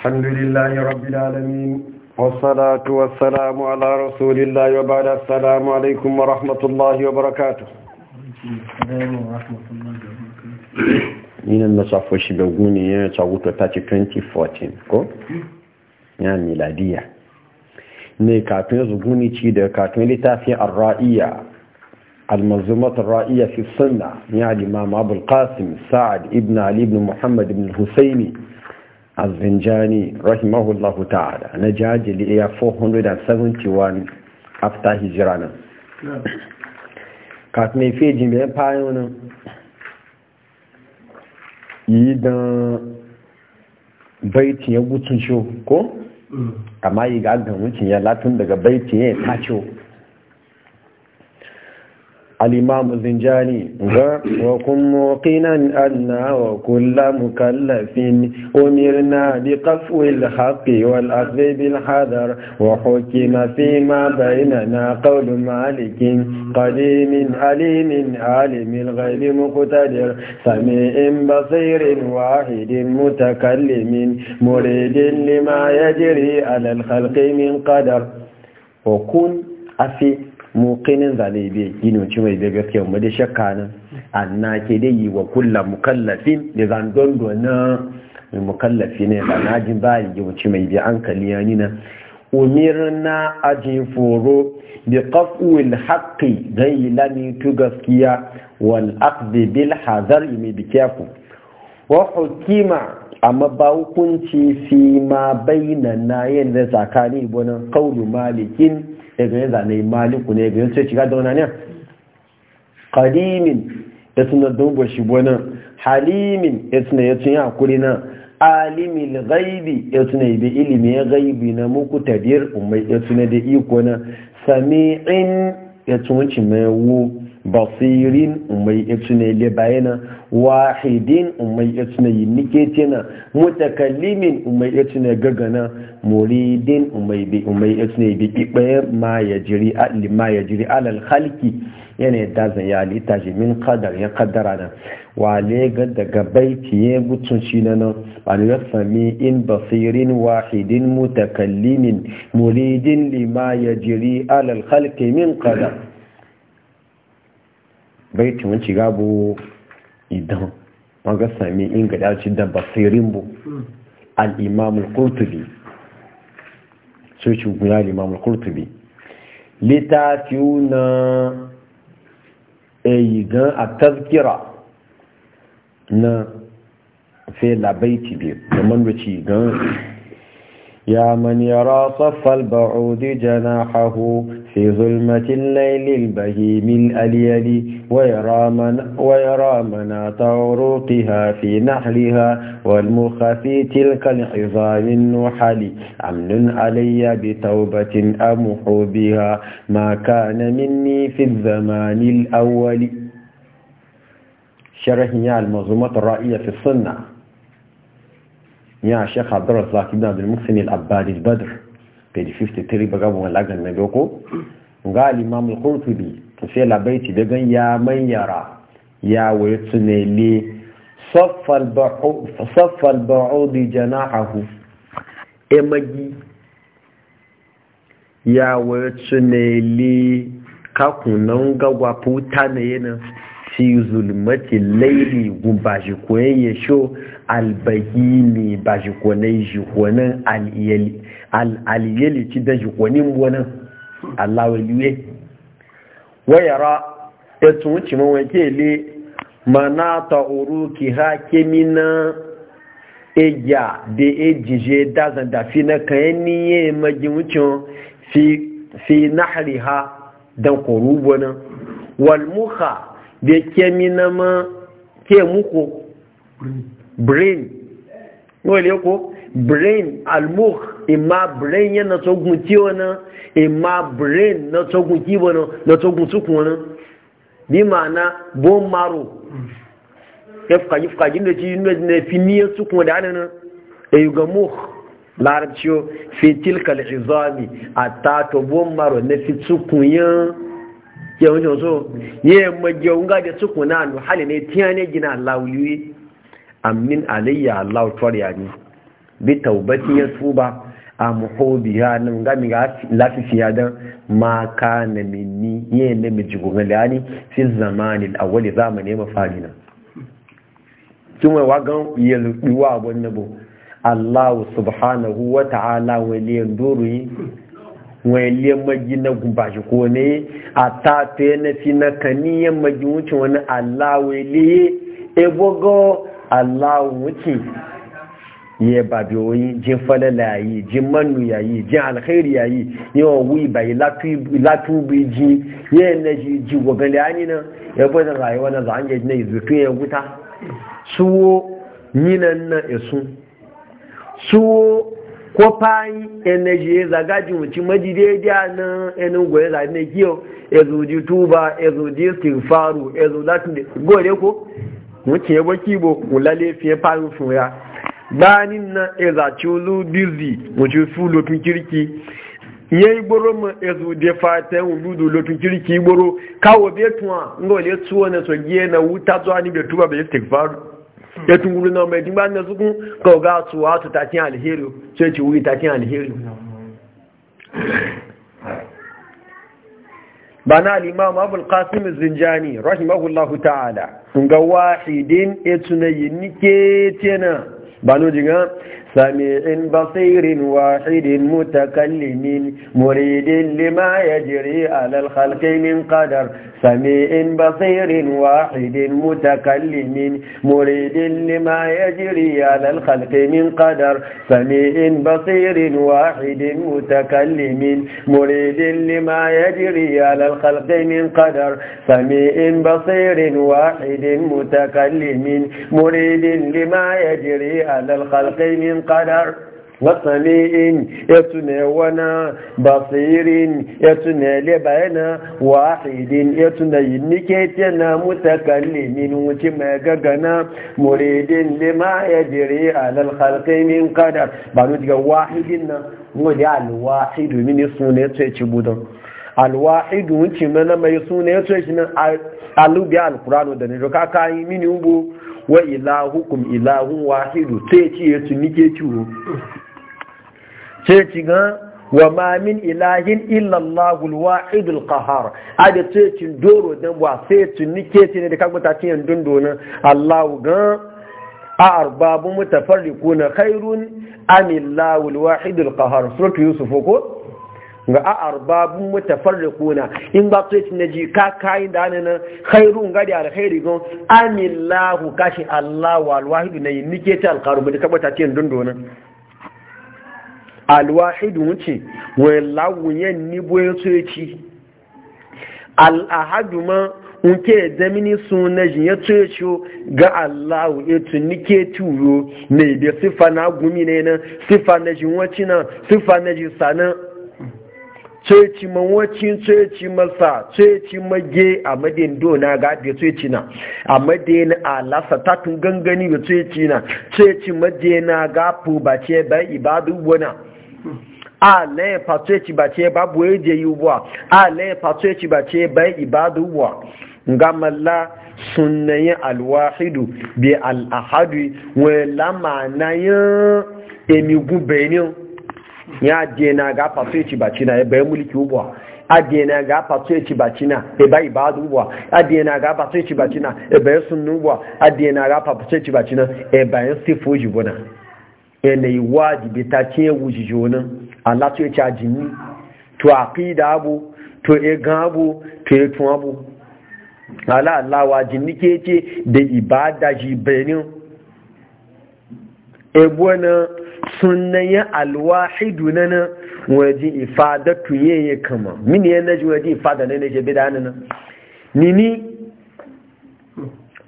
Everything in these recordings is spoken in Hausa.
الحمد لله رب العالمين والصلاة والسلام على رسول الله وبعد السلام عليكم ورحمة الله وبركاته yinan na safo shi da guni ya tsawuta ta ci 2014 ko ya miladiya ne kafin zuguni ci da kafin littafin arra'iya المنظومات الرائية في السنة يعني الإمام أبو القاسم سعد ابن علي بن محمد بن الحسيني الزنجاني رحمه ta'ala na jajili ya 471 after hijirana kafin fi jimbe fayon nan yi don baitin ya gutun ko mm. amma yi ga wucin ya latin daga baitin ya tacho الإمام الزنجاني وكن موقنا أن وكل مكلف أمرنا بقفو الحق والأخذ بالحذر وحكم فيما بيننا قول مالك قديم عليم عالم الغيب مقتدر سميع بصير واحد متكلم مريد لما يجري على الخلق من قدر وكن أفي muqinin zane bai gino ci mai bai gaske. mu da shakka nan anna ke da yi wa kullu mukallafin da zan dondo na mukallafi ne ba na jin yi yi wuce mai bi an kaliya ni na umirna ajin foro bi qafwil haqqi gai lami tu gaskiya wal aqd bil hazar mi bi kafu wa hukima amma ba hukunci fi ma bainana yanda tsakani bonan qawlu malikin ya ganye zane maliku ne ganye sai shiga da wani ne Ƙalimin ya suna dubo shi halimin ya suna ya tuna hakuri na alimil ghaibi ya yi bi ilimi ya ghaibi na muku tadir umar ya suna da iko na sami'in ya cin بصير أمي إتنى لبعينا واحد أمي إتنى ينكتنا متكلم أمي إتنى ججنا مريد أمي بي أمي إتنى بي ما يجري على ما يجري على الخلق يعني دازن يالي تاجي من قدر يا قدرنا وعلي قد قبيتي بتنشيننا أن يفهمي إن بصير واحد متكلم مريد لما يجري على الخلق من قدر baiti wanci gabo idan wanga sami inga dace da basirin bu mm. al-imam al-qurtubi so guna guya al-imam al-qurtubi litafiuna ayigan at-tazkira na eh, fe la baiti bi kaman wace ga ya man yara saffal ba'udi janahahu في ظلمة الليل البهيم الأليل ويرى, من ويرى مناط عروقها في نحلها والمخ في تلك العظام النحل أمن علي بتوبة أمحو بها ما كان مني في الزمان الأول شرح يا المنظومة الرائية في السنة يا شيخ عبد الرزاق بن عبد المحسن العبادي البدر page 53 baga mun lagan na doko ga al-imam al-qurtubi to sai labaiti da gan ya manyara ya waye tunele saffal ba'ud saffal ba'ud janahu emagi ya waye tunele kakunan gagwa puta ne yana ti zulmati laili bashi koyen ya sho albahimi bashi konen shi al'aliyeli ci da jikwanin wani allawaliwe wayara etun wuce mawake le mana ta uru ki ha kemi na eya e da ejije dazan da fi na kayan e niye magin wuce fi nahari ha don koru wani walmuka da kemi na ma ke muku brain wale ko brain almuk imma brain yana tsogun kiwo nan imma brain na tsogun kiwo nan na tsogun sukun nan bi ma'ana bone marrow ya fukaji fukaji da ci na fi niyan sukun da hannun da yi ga muk larabciyo fitil kal'izami a tato bone marrow na fi sukun yin yawon yanzu yin magiyawun gada sukun na hali ne tiya ne gina lawuyi amin alayya allah tuwar yani bi taubati ya ba, a muhobiya nan gami ga ya don ma ka na minni yin da, ya ni fi zamani a wani zamani mafari na kin wa wagan ya lubiwa abun nabo Allah subhanahu wa ta'ala wani duru doro wani yan magi na gubashi ko ne a ta ta na fi na kani, kaniyan magi wuce wani Allah wani ebogo Allah wuce ye babiyoyi jin falala yi jin manu yayi jin alkhairi yayi o wi bai latubi ji ye ne ji ji gobe da yani na, ya bada rayuwa na za an ne na tu ya wuta suwo ninan na isu suwo ko fayi energy ya zaga ji wuci majidediya na enin goye zaɓi na kiyo ya zoji tuba faru, zoji stilfaru ya zo de da gore ko wuce ya baki bo wula lafiya fayin ya. bayanin na ezaci olu birzi wace su lokin kirki ya yi gboro ma ezu de fata yin oludu lotun kirki gboro kawo betuwa nga wale tuwa na sogiye na wuta zuwa ni betuwa bai stekfaru ya tunguru na mai dimba na zukun ka ga tuwa su kin alheri sai ci wuri kin alheri bana al'imam abul qasim zinjani rahimahullahu ta'ala ga wahidin etunayi nike tena ba no diga سميع بصير واحد متكلم مريد لما يجري على الخلق من قدر سميع بصير واحد متكلم مريد لما يجري على الخلق من قدر سميع بصير واحد متكلم مريد لما يجري على الخلق من قدر سميع بصير واحد متكلم مريد لما يجري على الخلق من qadar wa sami'in yatuna wana basirin yatuna le bayana wahidin yatuna yinike tana mutakallimin wuce mai gagana muridin lima yajri ala al-khalqi min qadar ba nu diga wahidin nan mu da al-wahidu min sunne ce ci budan al-wahidu wuce mana mai sunne ce shi nan alubi al da ne ka kai min ubu wa ilahukum ilahun wahidu sai ce ya ci nike ciwo sai ci gan wa ma min ilahin illallahu alwahidul qahar ada sai ci doro dan wa sai ci nike ci ne da kagbata ci yan dundunan allahu gan a arbabu mutafarriquna khairun amillahu alwahidul qahar suratu yusuf ko ga a arbabun mutafarriquna in ba to tin ji ka kai da nan khairun gadi alkhairi gon amillahu kashi allah wal wahid ne nike ta alqarbu da kabata tin dundona alwahid wuce wallahu yan ni boye tsoci al ahadu ma nke damini suna jin ya tsoci ga allahu etu nike tuyo ne da sifa na gumi ne na sifa na jin wacina sifa na jin sanan tsoyaci mawacin tsoyaci masa tsoyaci mage a madin dona ga abin tsoyaci na a madin alasa ta tun gangani da tsoyaci na tsoyaci na ga ce ba ibadu wana a laye fato e ya ci bace babu bu je yi ubuwa a laye fato ya ci bace bai ibadu ubuwa ga malla sunayen alwahidu bi al'ahadu wani lamanayin emigun benin ya je na ga faso ya ci baci na ya bayan mulki ubuwa adiye na ga faso ya ci baci na ya bayi ba ubuwa adiye na ga faso ya ci baci na ya bayan sunnu ubuwa adiye na ga faso ya ci baci na ya bayan sifo jibuna yanayi wajibi ta ce wuji jona Allah to ya ci ajini to aqida abu to ya gan abu to ya abu ala Allah wajini ke ce da ibada jibenin ebuwa na sunayen alwahidu na nan waje ifada tuye kama mini ya naji waje ifada na naje bida na nan nini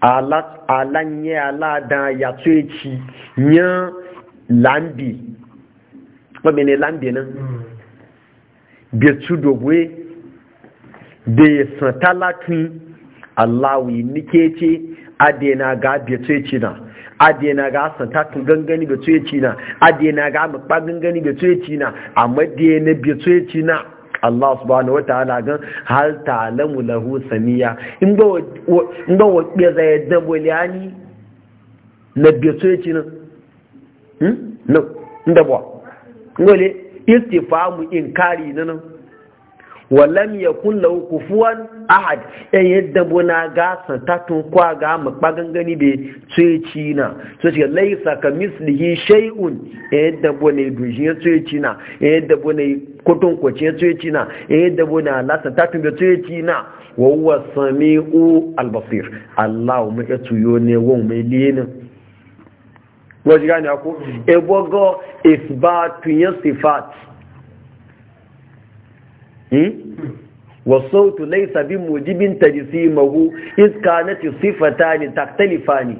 alanye da ya ci ya lambi wabe ne lambi nan betu dogwe da ya latin allawi nike ce adena ga betu ci na adena ga asanta tun gangani ga tsoyaci na adena ga amurka gangani ga na amma dna bi tsoyaci na Allah subhanahu wataala gan hal ta'lamu lahu samiya in ba in ba wabe ya da bolani na bi tsoyaci na hmm no inda ba ngole istifamu inkari nan walam ya kulla kufuwan ahad ɗan e, yadda buna gasa ta tunkwa ga maɓagan gani bai tsoye cina so ce laisa ka mislihi shay'un ɗan e, yadda buna dushin ya tsoye cina ɗan e, yadda buna kotun kwace ya tsoye cina ɗan yadda buna lasa ta tun bai tsoye cina wa huwa sami'u albasir allah mu ya tuyo ne wa mu liyinin wajen gani ako mm. ebogo isbatun ya sifat والصوت ليس بموجب تجسيمه إذ كانت الصفتان تختلفان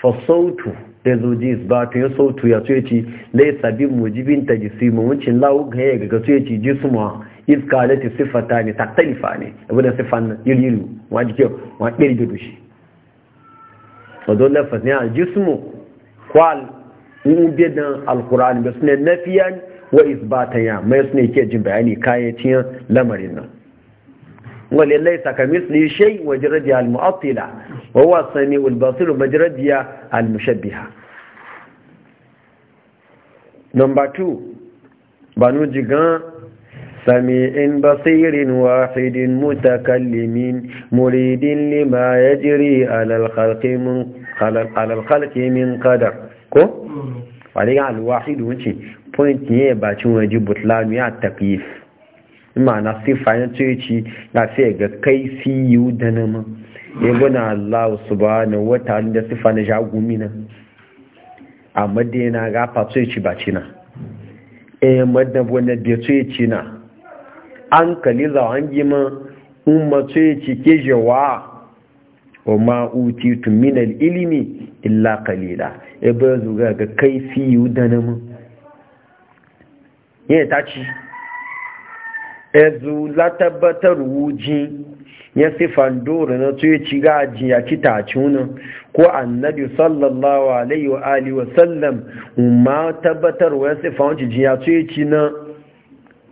فالصوت da zoji ba ta yi ya tsoye ci lai sabin mujibin ta jisimu wancin lawu ga ya gaga tsoye ci jisuma iska da ta siffata ne taktalifa ne abu da siffan na iriru wa jike wa ɗirgidu shi a zo lafas ne a jismu kwal biya da alkur'ani ba su ne fiya wa izbata ya mai su ne ke jin bayani kayacin lamarin nan wale laisa ka misli shay wa jiradiya al-mu'attila wa huwa samiul basir wa jiradiya al-mushabbiha number 2 banu jigan sami in basirin wahidin mutakallimin muridin lima على الخلق من khalqi min qadar ko mm. wani ga alwahidu wuce point ya ba cin waje butlanu ya taqif ma'ana na ya ce ci na sai ga kai siyu da nama ya gona Allah subhanahu na ta'ala da sifa na jagumi na amma dai na ga fa ce ci ba cina eh madan wannan da ce ci na an kaliza an gima umma ce ci ke jawa wa ma utitu min ilimi illa qalila e ba zuga ga kaifi yudanam ye ci e zu la tabbatar wuji ya sifan dora na tuye ci gaji ya ci tacuna ko annabi sallallahu alaihi wa alihi wa sallam ma tabbatar wa ya sifan wuji ya ci na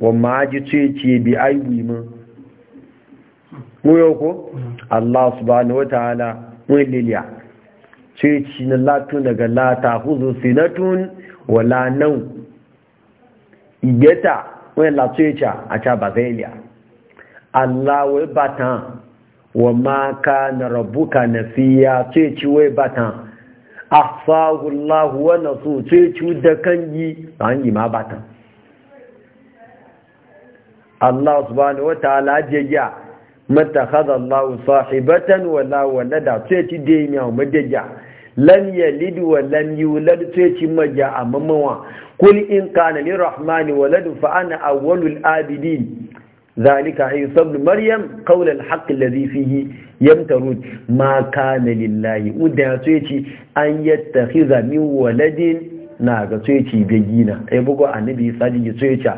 wa ma ji ci bi aibu mu muyo ko Allah subhanahu ta'ala mun liliya ce ci na latu daga lata huzu sinatun wala nau igeta wani la tuicha ca a ca ba zai Allah wai batan wa ma na rabbuka na fiya ce ci wai batan afahu Allah wa nasu ce ci da kan yi an yi ma batan Allah subhanahu ta'ala jeya mata haɗa Allah sahibatan wala walada da ci dai ne a madaja lam wa lam yulad sai a mamawa kul in kana lir rahmani walad fa ana abidin zalika isa ibn maryam qawl al haqq alladhi fihi yamtarun ma kana lillahi uda sai ci an yattakhiza min waladin na ga sai ci bugu ai bugo annabi sadi sai ci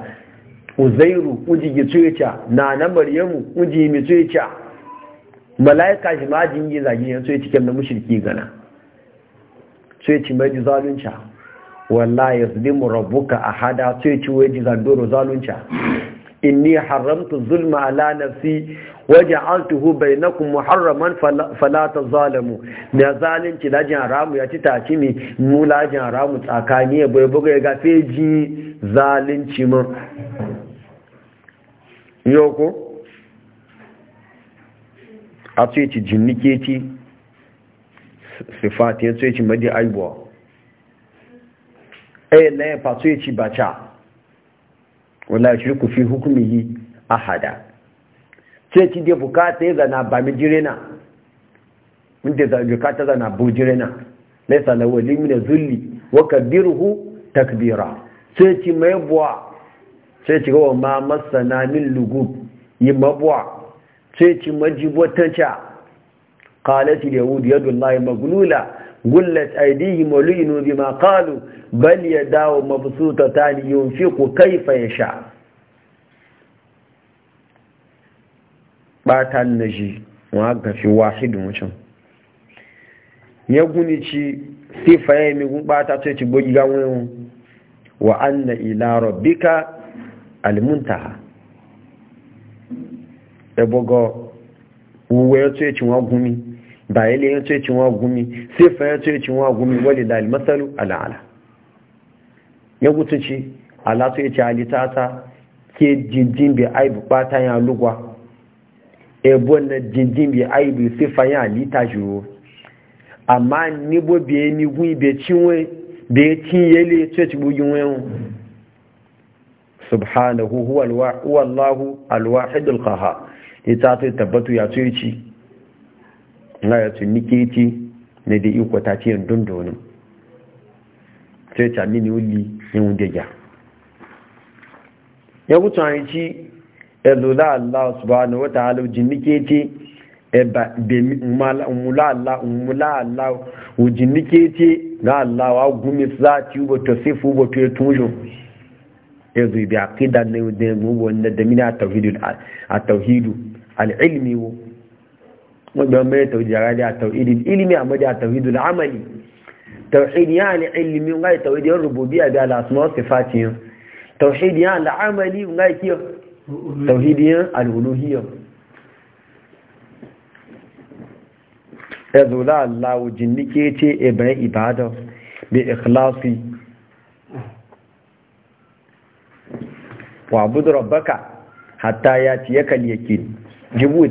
uzairu uji gitsuyica na na maryamu uji mitsuyica malaika shi ma jin yi zagi ne sai cikin na mushirki gana sai ci mai zalunca wallahi yazlimu a hada sai ci waje zandoro zalunca ni haramta zulma ala nafsi na kuma muharraman fala zalamu na zalunci da jin haramu ya ci taci ne mu lajin jin haramu tsakani ya bai buga ya gafe ji zalunci mun yau ko a tsaye ci jinnike ci sifati ya tsaye ci madi aibuwa ɗaya e, na ya fato ya ci baca wala shirku fi a hada tsaye ci dai bukata ya zana ba mi jirena wanda za bukata zana bu jirena laisa lawali mina zulli wa hu takbira tsaye ci mai buwa sai ci gawa ma masana min lugub yi mabuwa sai ci majibotanca kalati da yahudu yadda Allah magulula gullat aidihi malinu bi ma qalu bal yadaw mabsutatan yunfiqu kayfa yasha batan naji wa gafi wahidu mutum ya guni ci sifa ya mi gun bata sai ci bogi ga wani wa anna ila rabbika almuntaha ebogo wuwe yato yaci wa gumi ba yale yato yaci wa gumi sefa yato yaci wa gumi wali da almasalu ala'ala ya gutunci alatu ta ke jinjin bi aibu ebo na jinjin bi aibu sefa ya halitta jiro amma nibo biye ni gwi be cinwe be cin yele yato yaci bugin wayan subhanahu huwa Allahu alwahidul qaha ita ta tabbatu ya tsirci na ya tunike ti ne da iko ta ce dundunin sai ta mini wuli ne wunde ya ya wuce an ci elola Allah subhanahu wa ta'ala jinnike ti eba be mula Allah mula Allah ujinike ti na Allah wa gumi sati ubo to sifu ubo to tunjo yanzu bi aqida ne da mu wanda da mina tauhid a tauhid al ilmi wo mu da mai tauhidi ga da al ilmi amma da al amali tauhid ya al ilmi ga tauhid ya rububiyya da al asma wa sifati tauhid ya al amali ga ki tauhid ya al uluhiyya yanzu la Allah jinni ke ce ibrahim ibada bi ikhlasi wa rabbaka hatta ya ci yakal yakin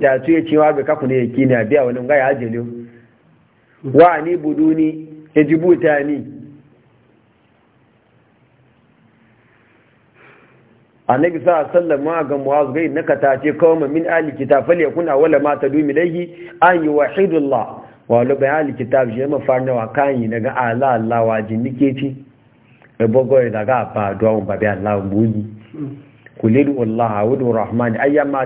ta su ya ce wabi kaku ne yakini a biya wani ga ya ajele wa ni ni ya ta ni annabi sallallahu a sallama ma ga muwaz gai naka ta ce ma min ahli fali fal kuna wala ma dumi laihi an yi wa wa la bi ahli kitab ya ma farna wa kan yi daga ala Allah wa ke ci ebogoyi bogo daga ba do ba babi Allah buni قل ادعوا الله وادعوا الرحمن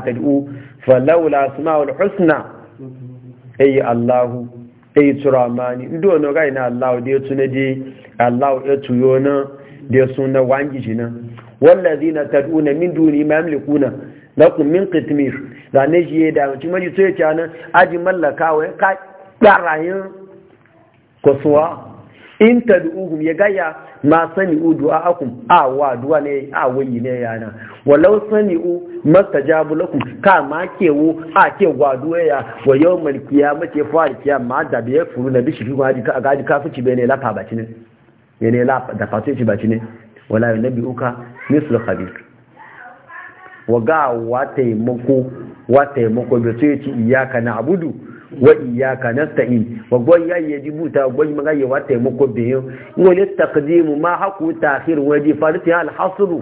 tad'u fa laula asma'ul husna ayi Allah ayi تراماني ndo no ga ina Allah de tune de Allah e tuyo na de sunna wangi jina wallazina tad'una min duni ma yamlikuna lakum min qitmir da ne je da mutum ji tsoye ta nan aji mallaka wa ka karayin kosuwa in tad'uhum ya gaya ma sani du'a akum a wa du'a ne a wayi ne yana walau masta jabu lakum ka ma kewu a ke gwado ya wa yau yawmal qiyamati fa ma da biye furu na bishi kuma ji ka ka kafici bene lafa bacine bene lafa da ba cinin wala uka mislu khabir wa ga wa taimako wa taimako bi sai ci iyyaka na'budu wa iyyaka nasta'in wa gwan yayye dibuta gwan ya wa taimako biyo ngole taqdimu ma haqu ta'khir wa di farti al hasru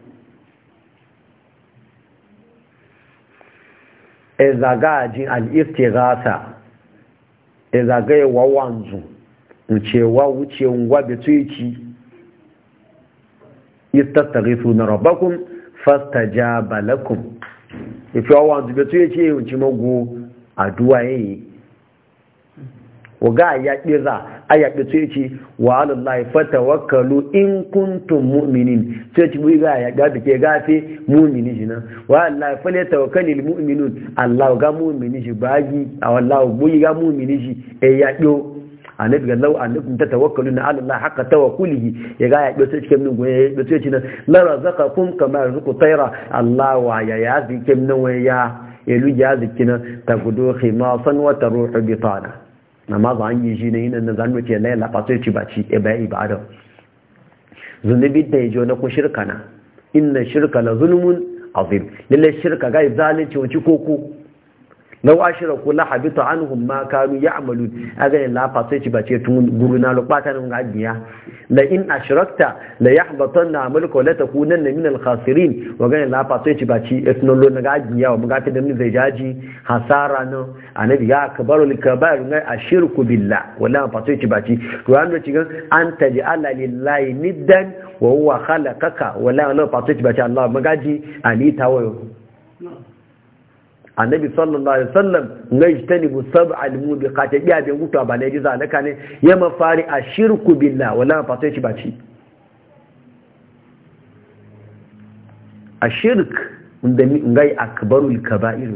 e zagajin al'istirasa e wa wanzu wucewa wuce ngwabe tuici istattarisu na rabakun fasta ja balakun ife wa wanzu be tuici yi wuce mago a duwaye yi wa ga ya ƙiza aya da ce ce wa alallahi fatawakkalu in kuntum mu'minin ce ce wi ga ya ga da ke gafe mu'mini jina wa alallahi fale tawakkalil mu'minun allah ga mu'mini shi bagi a wallahi buyi ga mu'mini shi e ya do annabi ga law annakum tawakkalu na alallahi haqqa tawakkulihi ya ga ya do ce cikin nan goye do ce na nan la razaqakum kama yarzuqu tayra allah wa ya ya zikin nan waya ya lu ya ta gudu khimasan wa taruhu bitana amma ba an yi shi ne yin na zanu ce lai lafaso ci ba ci e bayan ibada zunubi da yajo na ku shirka na inna shirka la zulmun azim lalle shirka ga zalunci wuci koko na law ashraku la habita hun ma kanu ya'malun aga la fa sai ci bace tun guru na lo pata nan gadiya la in ashrakta la yahbatanna amaluka wa la kunan min al khasirin wa ga la sai ci bace etno lo na gadiya wa muga ta dan zai jaji hasara no anabi ya kabaru al kabaru ngai ashirku billah wala fa sai ci bace to an ci ga an taj'ala lillahi niddan wa huwa khalaqaka wala la fa sai ci bace Allah magaji ali tawayo annabi sallallahu alaihi wasallam ngai tani bu sab'al mubiqat biya bin gutu ba ne giza ne kane ya mafari ashirku billah wala fatai ci baci ashirk unda ngai akbarul kaba'ir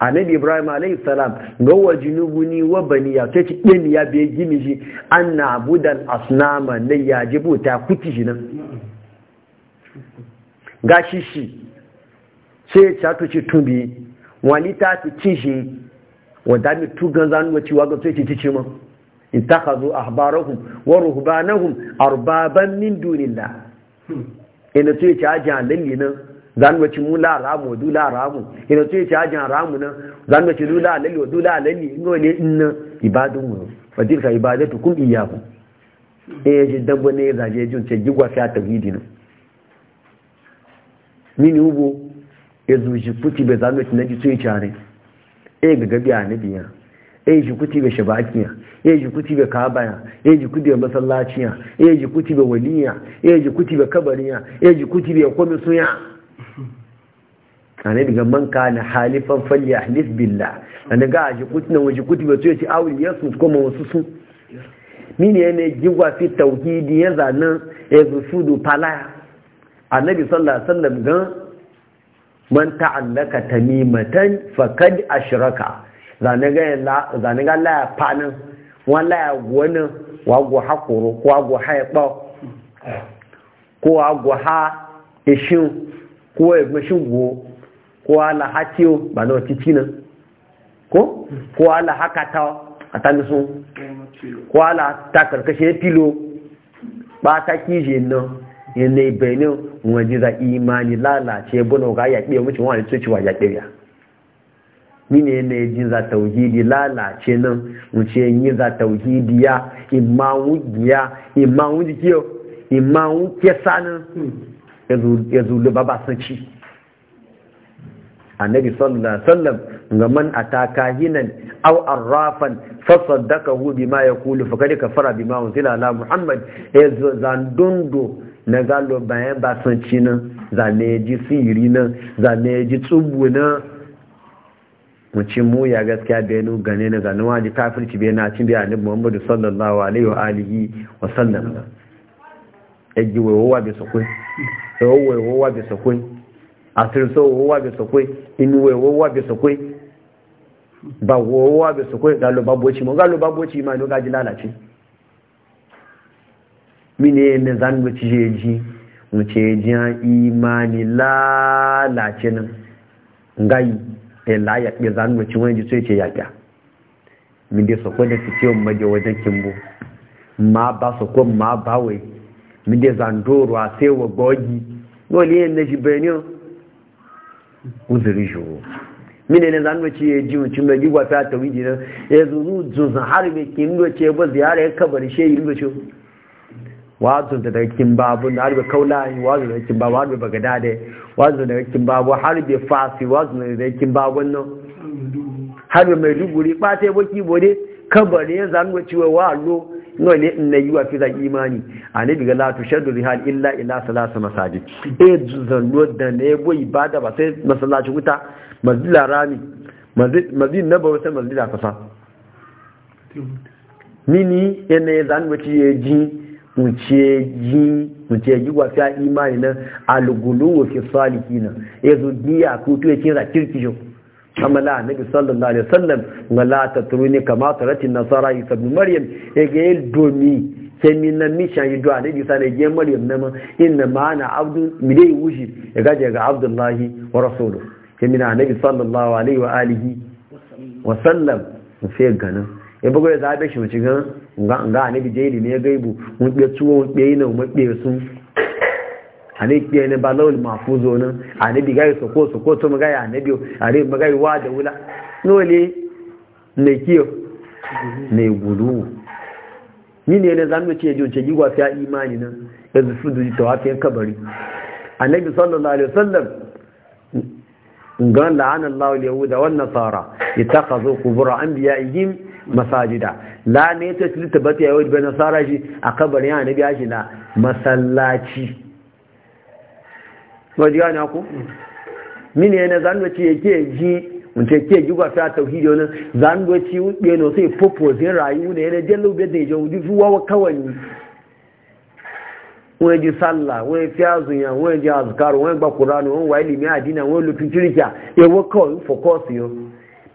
annabi ibrahim alaihi salam ga wajinubuni wa bani ya ce ci ɗin ya biye gimi shi an abudan asnama ne ya jibu ta kuti shi nan ga shi shi sai ya ci tumbi wani ta ci shi wadda mai tugan zanuwa cewa ga tsoci ci ma in ta ka zo a habarahun wa ruhubanahun arbaban min dunilla ina ce ci ajiyar lalli nan zanuwa ci mu la ramu wa dula ramu ina ce ci ajiyar ramu nan zanuwa ci dula lalli wa dula halalli ina wani ina ibadun mu fadirka ibadatu kun iyaku eh ji dambo ne zaje jun ce gigwa ta gidi nan mini hubo ya zuci kuti bai zama na ji sai care eh ga gabi a nabiya eh ji kuti bai shabakiya eh ji kuti bai kabaya eh ji kuti bai masallaciya eh ji kuti bai waliya eh ji kuti bai kabariya eh ji kuti bai komai suya ana daga man na halifan falli ahlif billah na ga a ji kuti nan kuti bai ci awul su kuma wasu su mini yana jigwa fi tauhidi ya zanen ya zufudu palaya annabi sallallahu alaihi wasallam gan man ta'allaka tamimatan fakad ashraka zane ga laya fanin wọn laya wani wa go hakuru ko go ha ko go ha ishin ko ẹgbẹ̀shin wo ko ala ha ba na titina na ko ko ala ha kata a ko ala takar kashe filo ba ta kije nan yanayi benin waje za imani lalace buna ga ya ɗaya mucin wani wa ya ɗaya mine yanayi jin za tauhidi lalace nan wuce yi za tauhidi ya imma wujiya imma sanin ya zulu ba ba sun ci nabi sallallahu alaihi wasallam ga man ataka hinan aw arrafan fasaddaqahu bima yaqulu faqad kafara bima unzila ala muhammad ya zandundu na galo bayan basanci nan zane ji siri nan zane ji tsubu nan mucin mu ya gaskiya benu gane na zane wa ji kafirci bai na cin biya nabi muhammadu sallallahu alaihi wa alihi wa sallam ya e ji wayowa bai sakwai e wayowa bai sakwai a tirso wayowa bai sakwai inu wayowa bai sakwai ba wayowa bai sakwai galo baboci ma galo baboci ma ne ga ji lalace mine ne zan ci jeji wuce jiyan imani lalace nan ngayi e la ya ke zan ci wani ji sai ce ya kya min dai sako da su ciwon maje wajen kimbo ma ba sako ma ba wai min dai zan doro a sai wa gogi wani yin na shi benin uzuri shuru mine ne zan wuce ya ji wuce mai gigwa fiye ta wiji nan ya zuru zunzun harbe mai kin ba ziyara ya kabar shi yi wuce wazun da cikin babu na harbe kaulayi wazun da cikin babu harbe bagada dai wazun da cikin babu harbe fasi wazun da cikin babu nan harbe mai duguri ɓata ya baki bode kabarin ya zanuwa ciwo wa allo nawa ne in na yi wa fiza imani a ne biga latu shaddu rihal illa ila salasa masajid e zanuwa da ne bo ba ba sai masallaci wuta mazila rami mazin na bawa sai mazila kasa mini yana ya zanuwa ciwo ya ji wuce ji wafiya imani nan alugulu wasu saliki nan ya zo biya ko ya ce za kirki shi kama la nabi sallallahu alaihi wasallam na la ta ne kama taratin nasara yi sabu maryam ya ga yi domi kemi na mishan yi duwa nabi sa ne ge maryam nama inna ma'ana abdu yi wushi ya gaji ga abdullahi wa rasuluhu na nabi sallallahu alaihi wa alihi wa sallam fi ganin ya bugu ya zaɓe shi mace gan ga anabi jeri ne ya gaibu mun ɓe tuwo mun ɓe yana mun ɓe sun anabi ɓe ne ba lawul mafuzo nan anabi gai soko soko to magai anabi anabi magai wa da wula nole ne kiyo ne gudu ni ne ne zan mace ji ce giwa fiya imani nan ya zufu da tawafin kabari bi sallallahu alaihi wasallam ngan la'ana Allahu wan nasara ittakhadhu qubur anbiya'ihim masajida la ne ta tilita bata yawon bai nasara shi a kabar yana na biya shi na masallaci wajen gani ku? mini yana zanwaci ya ke ji wunce ke ji gwa fiya tauhidi wani zanwaci wuɗe na sai popozin rayu ne yana jallo lubiyar da ya jan wuji zuwa kawai wọ́n jí sálà wọ́n fi àzùyàn wọ́n jí àzùkárò wọ́n gbà kúránù wọ́n wà ilimi àdínà wọ́n lupin tíríkà ewó kọ́ ìfọ̀kọ́ọ̀sì yóò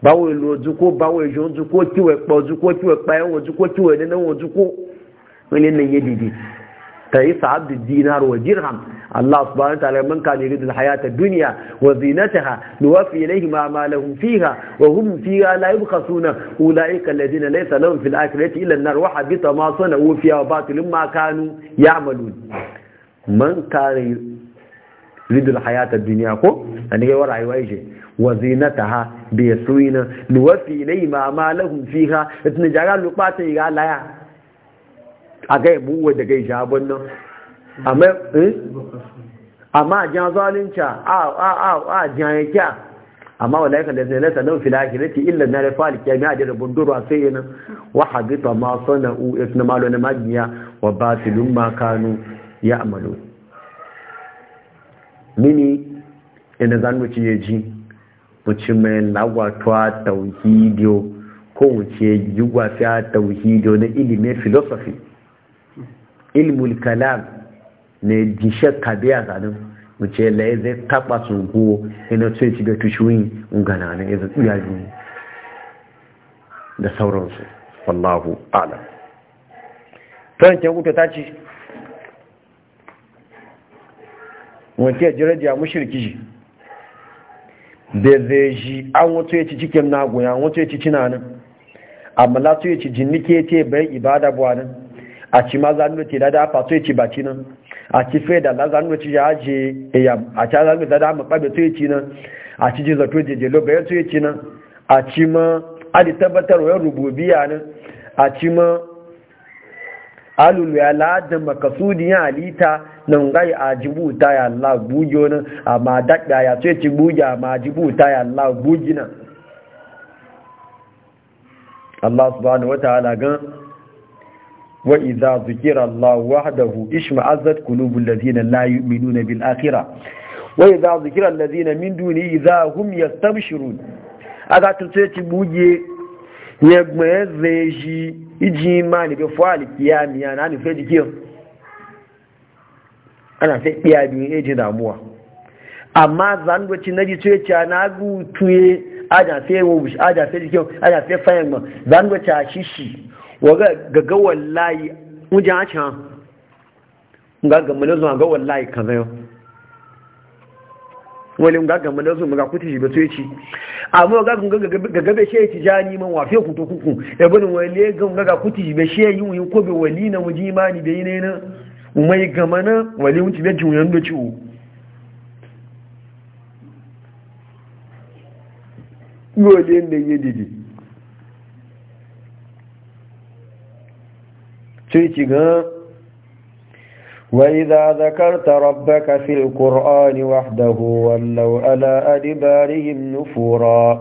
báwo ojúkó báwo kó ojúkó tíwẹ̀ pọ̀ ojúkó tíwẹ̀ pa ojú ojúkó tíwẹ̀ pa ẹ̀wọ̀n ojú kó tíwẹ̀ nínú ojú kó wọ́n lè nàyẹ dìdì tàyí sàábì dinar wa dirham Allah subhanahu wa ta'ala man kana yuridu al-hayata ad-dunya wa zinataha nuwaffi ilayhim a'malahum fiha wa hum fiha la yubkhasuna ulaika alladhina laysa lahum fil akhirati illa an-nar wa habita ma sana'u fiha wa batilun ma man kana yuridu al-hayata ad-dunya ko anige wa rayuwa wazinataha bi yasuina ni wasi ilai ma malahum fiha itna jaga lu pata ya laya aga bu buwa da gai jabon nan amma eh amma jan zalincha a a a a jan yakya amma wallahi kan da zai lata nan fil akhirati illa nar fal kiyama da bunduru a sai nan wa hadita ma sanu itna malu na magiya wa batilum ma kanu ya'malu mini inda zanuci ya ji wuce mai lagwatuwa tauhidiyo ko wuce yugwafiya tauhidiyo na ilimin filosofi Ilimin kalam ne dishe kabiya zanen wuce laye zai taba sun kuwo yana tsoye ci ga tushiyoyin ungana na yanzu tsiyayi da sauransu wallahu alam tsohon wuta ta ce wace jirajiya mushirki shi da zai shi an wato ya ci cikin nagoya an wato ya ci cina nan amma la su ya ci jinnike ce bai ibada buwa nan a ci ma zanu ce da dafa su ya ci baci nan a ci fai da la zanu ci ya je e ya a ci zanu da da mu kabe to ya ci nan a ci jin zato jeje lo bai to ya ci nan a ci ma ali tabbatar wa rububiya nan a ci ma alulu ya ladan makasudiyan alita nan gai a jibuta ya Allah buji wani a ma daɗa ya ce ci buji a ma jibuta ya Allah buji nan Allah subhanahu wa ta'ala gan wa idza zikira Allah wahdahu ishma'azzat qulubul ladina la yu'minuna bil akhirah wa idza zikira alladhina min duni idza hum yastabshirun aga ce ci buje gbe zeji iji imani be fo alkiyami ya na ni fe dikio ana sai iya biyu ya ji damuwa amma zangoci na ji tuye cewa na gutuye aja sai wubush aja sai jikin aja sai fayin ma zangoci a shishi waga gaga wallahi wajen a can ga ga na zuwa ga wallahi kaza zayo wani ga gama na zuwa ga kuti shi ba tuye ci amma ga gunga ga gabe shi ya ci jani man wafe kuto kuku ya bani wale ga ga kuti shi ba shi ya yi ko kobe wali na wuji imani bai yi na mai gama na wale wunci da jin wuyan da ciwo wale da yi didi ciki ga wa idha zakarta rabbaka fil qur'ani wahdahu wallaw ala yin nufura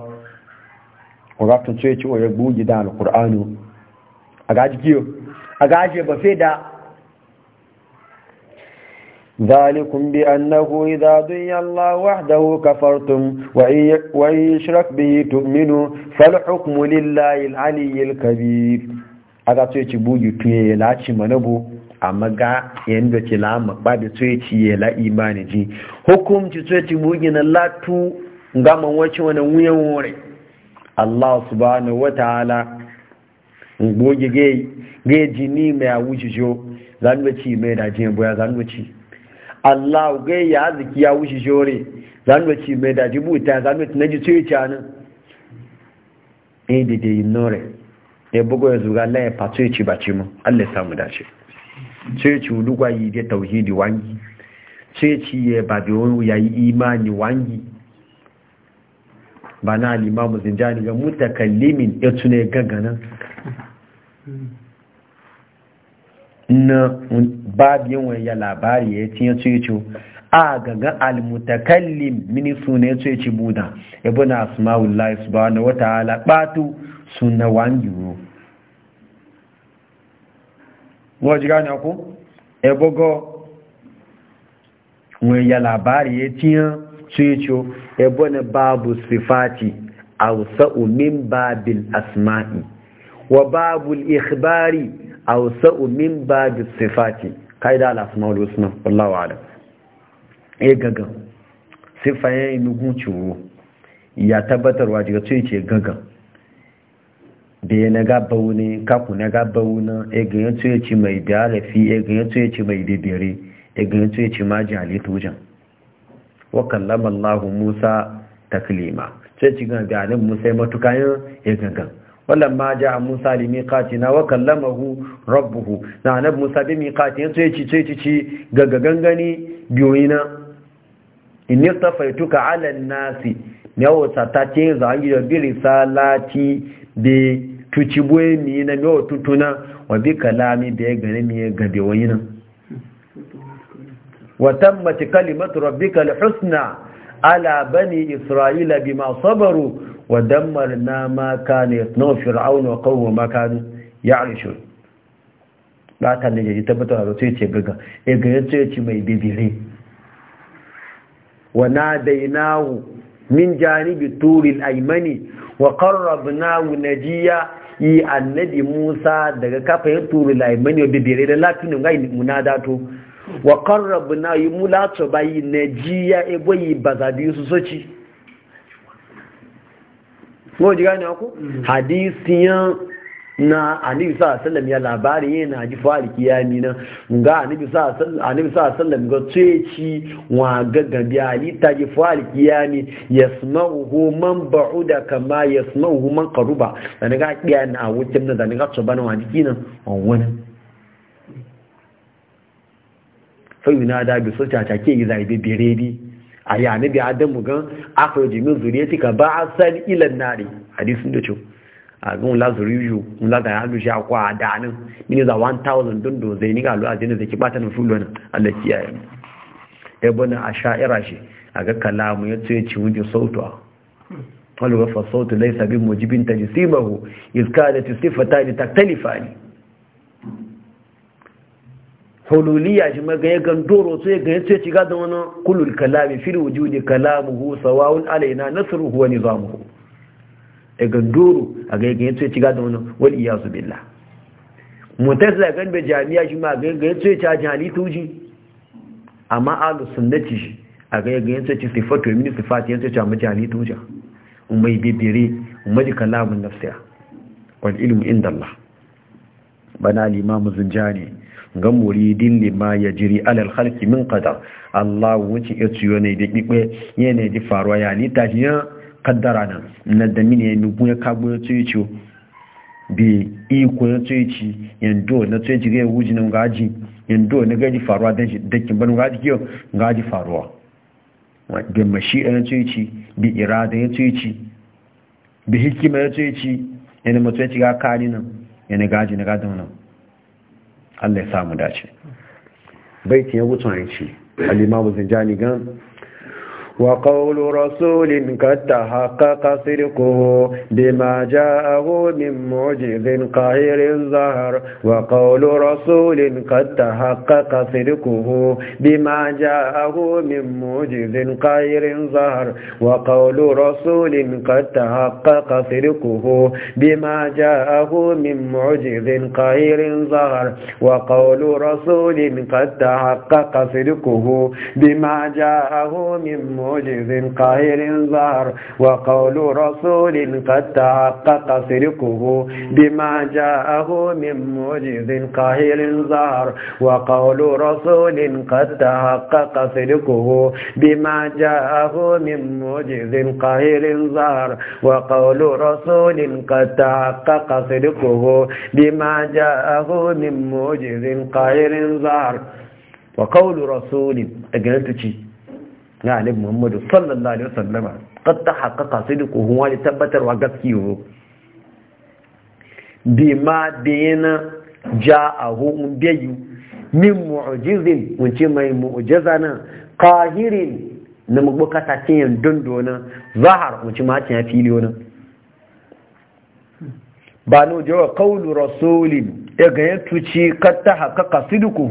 wakatun ce ce oye gbogi da alkur'ani a gajiyo a gajiyo ba fi da ذلكم بأنه إذا ضي الله وحده كفرتم وإن يشرك به تؤمنوا فالحكم لله العلي الكبير aga tsoye ci buyu tuye ya laci manabu amma ga yadda ci lama ba da tsoye ci ya la imani ji hukumci tsoye ci buyu na latu gaman wace wani wuyan wore Allah subhanahu wa ta'ala goge gai jini mai awuci jo zanuwa ci mai dajiyar boya zanuwa ci Allah gai ya ziki ya wuce shore zanwaci mai daji buta zanwaci na ji ce canin ɗin da nore ya bugu ya zuga Allah ya fato ya ci ba ci mu allai samu dace ce ci lugwa yi da tauhidi wangi ce ci ya ba da wani ya yi imani wangi ba na limamu zinjani ga mutakallimin ya tunai gaganan na babu yawan ya labari ya tiye ce a gaga almutakallim mini suna ya ce buda ibu na asma'ullahi subhanahu wata ala batu suna wani wọ́n jí gani ọkú ẹgbọ́gọ́ wọ́n yà labari ya tiye tsoyicu ibu na babu sifati a wasa'u min babin asma'i wa babu ikhbari awsa'u min babi sifati kaida al-asma'ul husna wallahu a'lam e gaga sifayen nugun ciwo ya tabbatarwa daga ce ce gaga da ya naga bauni kaku naga bauna e ganyen ce ce mai da rafi e ganyen ce ce mai didire e ganyen ce ce ma jali tujan wa kallama Allahu Musa taklima ce ci ga ganin Musa matukayin ya gagan ma ja Musa li miqatina wa kallamahu rabbuhu na annabi Musa bi miqatin sai ci sai ci ga gangani biyoyina inni tafaituka ala nasi ne o ta ce zangi da bi risalati bi tuchibwe ni na mi tutuna wa bi kalami bi gane mi ga biyoyina wa tammat kalimatu rabbika al-husna ala bani isra'ila bima sabaru wa ما كان kana فرعون وقومه wa qawmu ma لا ya'rishun lata ne ji tabbatar da sai ce gaga e ga yace ce mai bibire wa min janibi turil na wa yi annabi Musa daga kafa ya turil aymani wa bibire da latinin ga wa na yi mulato bayi jiya su soci ko ji gane hadisi hadisiyan na anibi sa sallam ya labari yana ji fari kiyami na nga anibi sa sallam anibi sa sallam ga ceci wa gaga biyali ta ji fari kiyami yasma'uhu man da kama yasma'uhu man da ni ga na a wucin da ni ga tsobana wa jiki nan wannan fa yunada bi so cacake yi zai bi biredi a ya nabi adamu gan akhruj min zuriyatika ba'san ila an-nari hadisin da cewa a gan la zuriyu mun la da ya lushe a kwa da nan mini za 1000 dun do zai ni ga lu ajin da ke bata nan fulo nan Allah kiyaye e bona asha'ira shi aga kalamu ya ce ci wuje sautuwa قالوا فالصوت ليس بموجب تجسيمه إذ ta الصفتان تختلفان hululiya shi maga ya gan doro ya gani sai shiga da wani kulul kalami fil wujudi kalamuhu sawa'un alaina nasruhu wa nizamuhu ya gandoro a ga gani sai shiga da wani wal iyazu billah mutazila gan be jami'a shi ma ga gani sai ta jali tuji amma ahlus sunnati shi a ga gani sai ci sifatu min sifati yanzu ta mu jali tuja umai bibiri umai kalamun nafsiya wal ilmu inda bana limamu zinjani ga muridin ma ya jiri alal halki min kadar Allah wuce ya tuyo ne da kikwe yana ji faruwa ya ni tashi ya kaddara nan na da mini ya nubu ya kagbo ya ciyo ci. bi iko ya ciyo ci yando na ciyo ci ga wuji nan gaji yando na gaji faruwa da kin ban gaji kiyo gaji faruwa da mashi ya ciyo ci bi irada ya ciyo ci bi hikima ya ciyo ci yana mutuwa ci ga kani nan yana gaji na gadon nan Allah ya samu dace baiti ya wuce ne shi al-imamu zinjani gan وقول رسول قد تحقق صدقه بما جاءه من معجز قهير ظهر وقول رسول قد تحقق صدقه بما جاءه من معجز قهير ظهر وقول رسول قد تحقق صدقه بما جاءه من معجز قهير ظهر وقول رسول قد تحقق صدقه بما جاءه من معجز قاهر ظهر وقول رسول قد تحقق صدقه بما جاءه من معجز قاهر ظهر وقول رسول قد تحقق صدقه بما جاءه من معجز قاهر ظهر وقول رسول قد تحقق صدقه بما جاءه من معجز قاهر ظهر وقول رسول أجلتك na alif muhammadu sallallahu alaihi wasallama qad tahaqqaqa sidquhu wa tabbatarwa gaskiyo bima bayna ja'ahu biyu min mu'jizin wace mai mu'jiza na qahirin na mabukata cikin dundona zahar wace ma cikin fili na ba no jawa qawlu rasulin daga yatuci qad tahaqqaqa sidquhu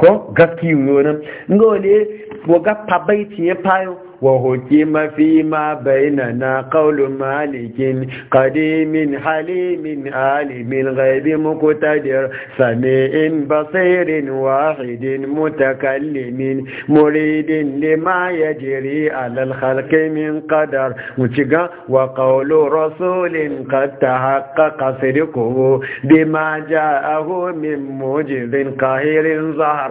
ko gaskiyu yonan ngole wo ga pabaiti ya payo وحكم فيما بيننا قول مالك قديم حليم عالم الغيب مقتدر سميع بصير واحد متكلم مريد لما يجري على الخلق من قدر وقول رسول قد تحقق صدقه بما جاءه من موجز قاهر ظهر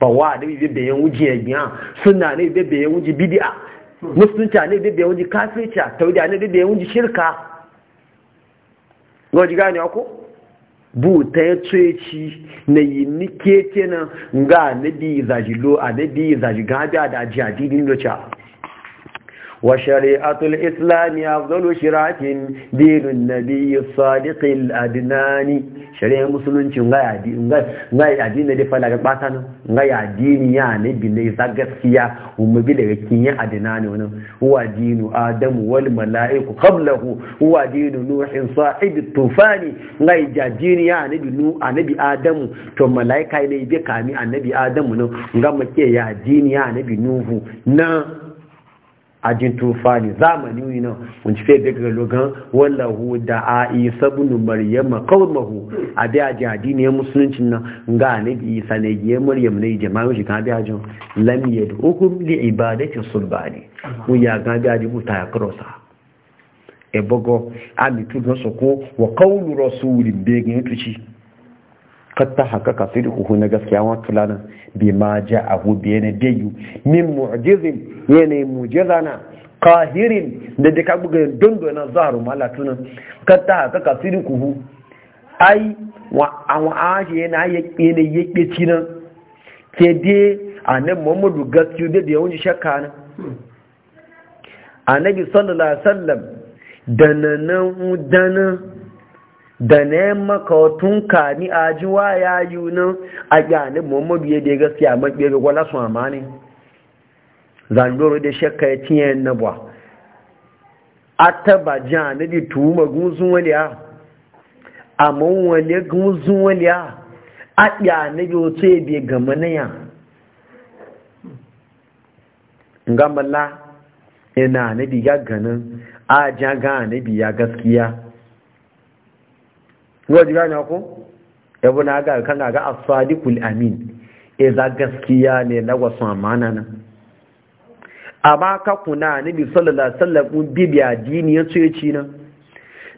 bawa da bebe yan wuji ya gina suna ne bebe yan wuji bidi'a musulunci ne bebe yan wuji kafirci taudi ne bebe yan wuji shirka gwaji gane ako bu ta ya tsoyeci na yi nike kenan ga na biyi zajilo a na biyi a da ajiyar didin locha وشريعة الإسلام أفضل شرعة دين النبي الصادق الأدناني شريعة مسلمين غاي دين غاية دين دي فلا باتنا غاية دين يعني بني زغسيا ومبيل كينيا أدناني هو دين آدم والملائكة قبله هو دين نوح صاحب الطوفان غاية دين يعني نو النبي آدم تو ملائكة إلي بكامي النبي آدم يا دين يعني نوح نا ajin tufani zamani yi nan wunci fiye daga logan wallahu da a isa a maryama kawmahu a bi a jadi ne musulunci nan ga bi isa ne giye maryam yi jama'a shi kan bi a jin lam yad'ukum li sulba ne mu ya ga bi a ji buta ya karosa ebogo a ami tudon soko wa qawlu rasulun begin tuci kad ka haƙaƙa sirkuhu na gaskiya wa tulanin bi ma ja a hubiye ne dayu min mu'jizin yanayi mu'jiza na kahirin da duka buga dondo na zaharu malatunan kad ta haƙaƙa sirkuhu ai wa ashe yana yaƙe ci nan ke dai a muhammadu gaskiya da yawanci shakka nan annabi sallallahu alaihi wasallam da nan da na makawatun kani a jiwa ya yi nan a gani muhammadu ya da gaskiya maɓe ga gwala su amani zandoro da shakka ya tiye na ba a taba jani da tuma gunzun waliya a mawale gunzun waliya a ɗyani da wato ya bai gama na ya gamala ina na ya ganin a jaga na ya gaskiya jira gane ko Yabu na ga kan ga as amin e za gaskiya ne na wasu amana na ba ka kuna nabi sallallahu alaihi wasallam bibiya dini ya tsoye ci na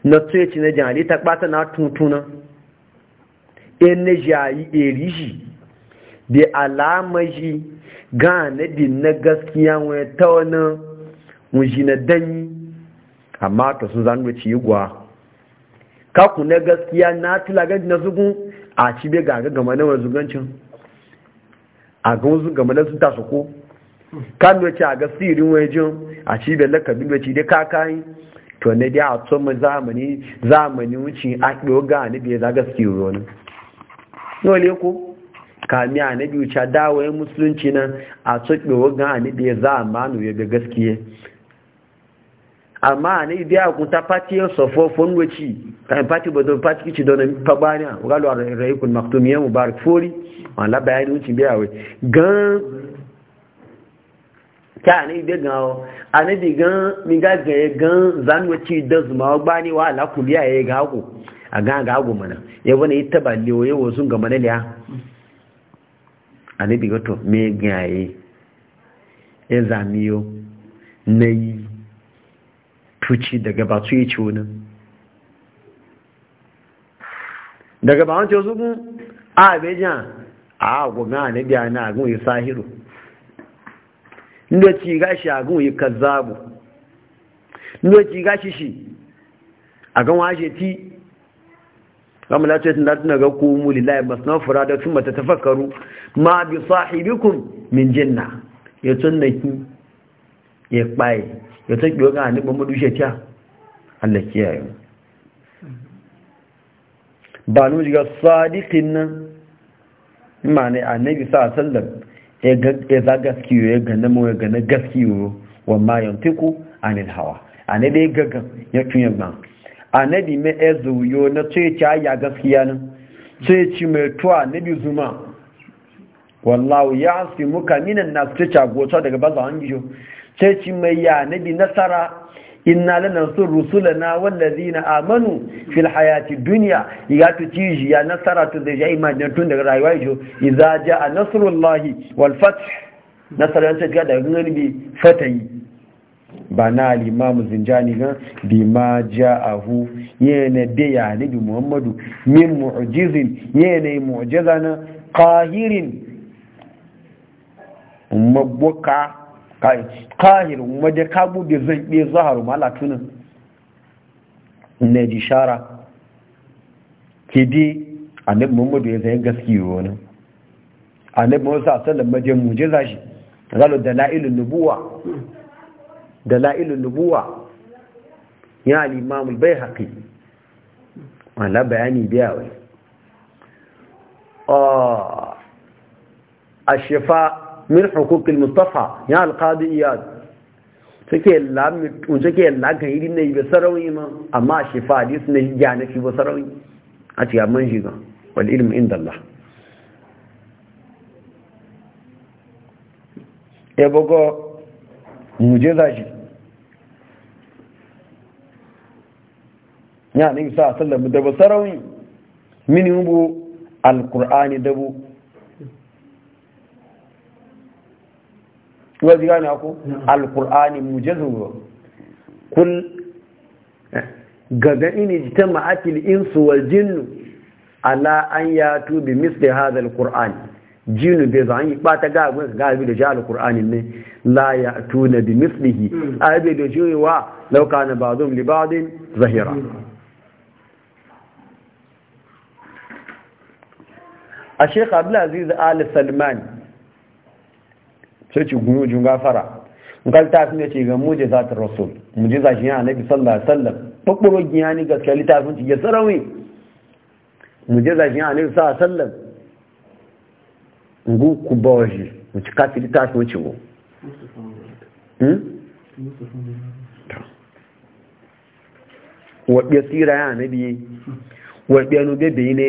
na tsoye ci na jali ta bata na tuntuna in e ne jayi erishi da ji ga na bi na gaskiya wani ta wani na danyi amma ta sun zanuwa ci gwa kaku na gaskiya na tilaganci na zugun a cibe ga ga gama na wani zugancin a ga wasu gama na sun tasa ko kan da ce a ga sirin wajen a cibe lakabi da ci dai kakayi to na dai a tsohon zamani zamani wuce a ɗoga ne nabi za zaga sirin wani nole ko kami a nabi wuce dawayen musulunci nan a tsohon ne a za a manu ya ga gaskiya amma ne biya kunta party sofo fonwaci kan party bodo party kici don pabania galo raikul maktumiya mubarak fori wala bayani wucin A we gan ta ne de gan o anabi gan mi ga ga gan zan zanwaci da zuma gbani wa ala kuliya ya ga ku a gan ga ku mana ya wani taba o yawo sun ga mana liya anabi ga to me gaye na yi. tuci daga ba su yi ciwonin daga ba wancan su kun a abejan a agogan anabi na agun yi sahiru inda ci gashi agun yi kazzabu inda ci gashi shi agan washe ti kama lati tun lati naga kumu lillahi fura da tun mata tafakkaru ma bi sahibikun min jinna ya tunna ki ya kpaye ya ta ƙiyo ga hannun bambu dushe ta Allah kiyaye ba nu jiga sadiqin nan mane annabi sa sallam ya za gaskiyo ya gane mu ya gane gaskiyo wa ma yantiku anil hawa annabi ya gaga ya tunya ma annabi me ezuyo na ce ta ya gaskiya nan sai ci mai tuwa annabi zuma wallahu ya asimuka minan nas ta gota daga bazawan gijo ceci mai ya nabi nasara inna lanansur rusulana wallazina amanu fil hayati dunya yatu tiji ya nasara to da jai majin tun daga rayuwa jo idza jaa nasrullahi wal fath nasara ta ga da ngani fatayi ba na al-imam zinjani ga bi ma jaahu yana da ya nabi muhammadu min mu'jizin yana mu'jizana qahirin mabbuka kahir wadda kagu da zan ɗe zaharu malatunan na ji shara ke dai annabi muhammadu ya zai gaskiyo wani annabi muhammadu sa sallan maje muje za shi zalo dala'ilun nubuwa dala'ilun nubuwa ya limamul bai haƙi wala bayani biya wai a ah, shefa من حقوق المصطفى يا القاضي اياد take la mutu take la kan irin ne be sarawi ma amma shi fa hadis ne ya ne shi ba sarawi a ci amma shi ga wal ilmu inda Allah e bogo muje da shi ya ne sa sallallahu da be sarawi min bu alqur'ani da bu wazi gani ako alkur'ani mujazin ruwa kun eh, gaga ini jita akil insu wal jinn ala an ya tubi misli hadha alqur'an jinu bai zan yi bata ga abin ga bi da shi alkur'ani ne la ya tuna bi mislihi abin da ji hmm. wa law kana ba'dhum li ba'din zahira a shekha abdulaziz ali Salman. sai ci gunu jun gafara ngal ta sun ce ga mujizat rasul mujiza shi annabi sallallahu alaihi wasallam babbaro giyani ta sun ci ya sarawi mujiza shi annabi sallallahu alaihi wasallam ngu ku kuboji mu ci ta sun ci go hmm wa bi sira ya annabi wa bi anu bebe ne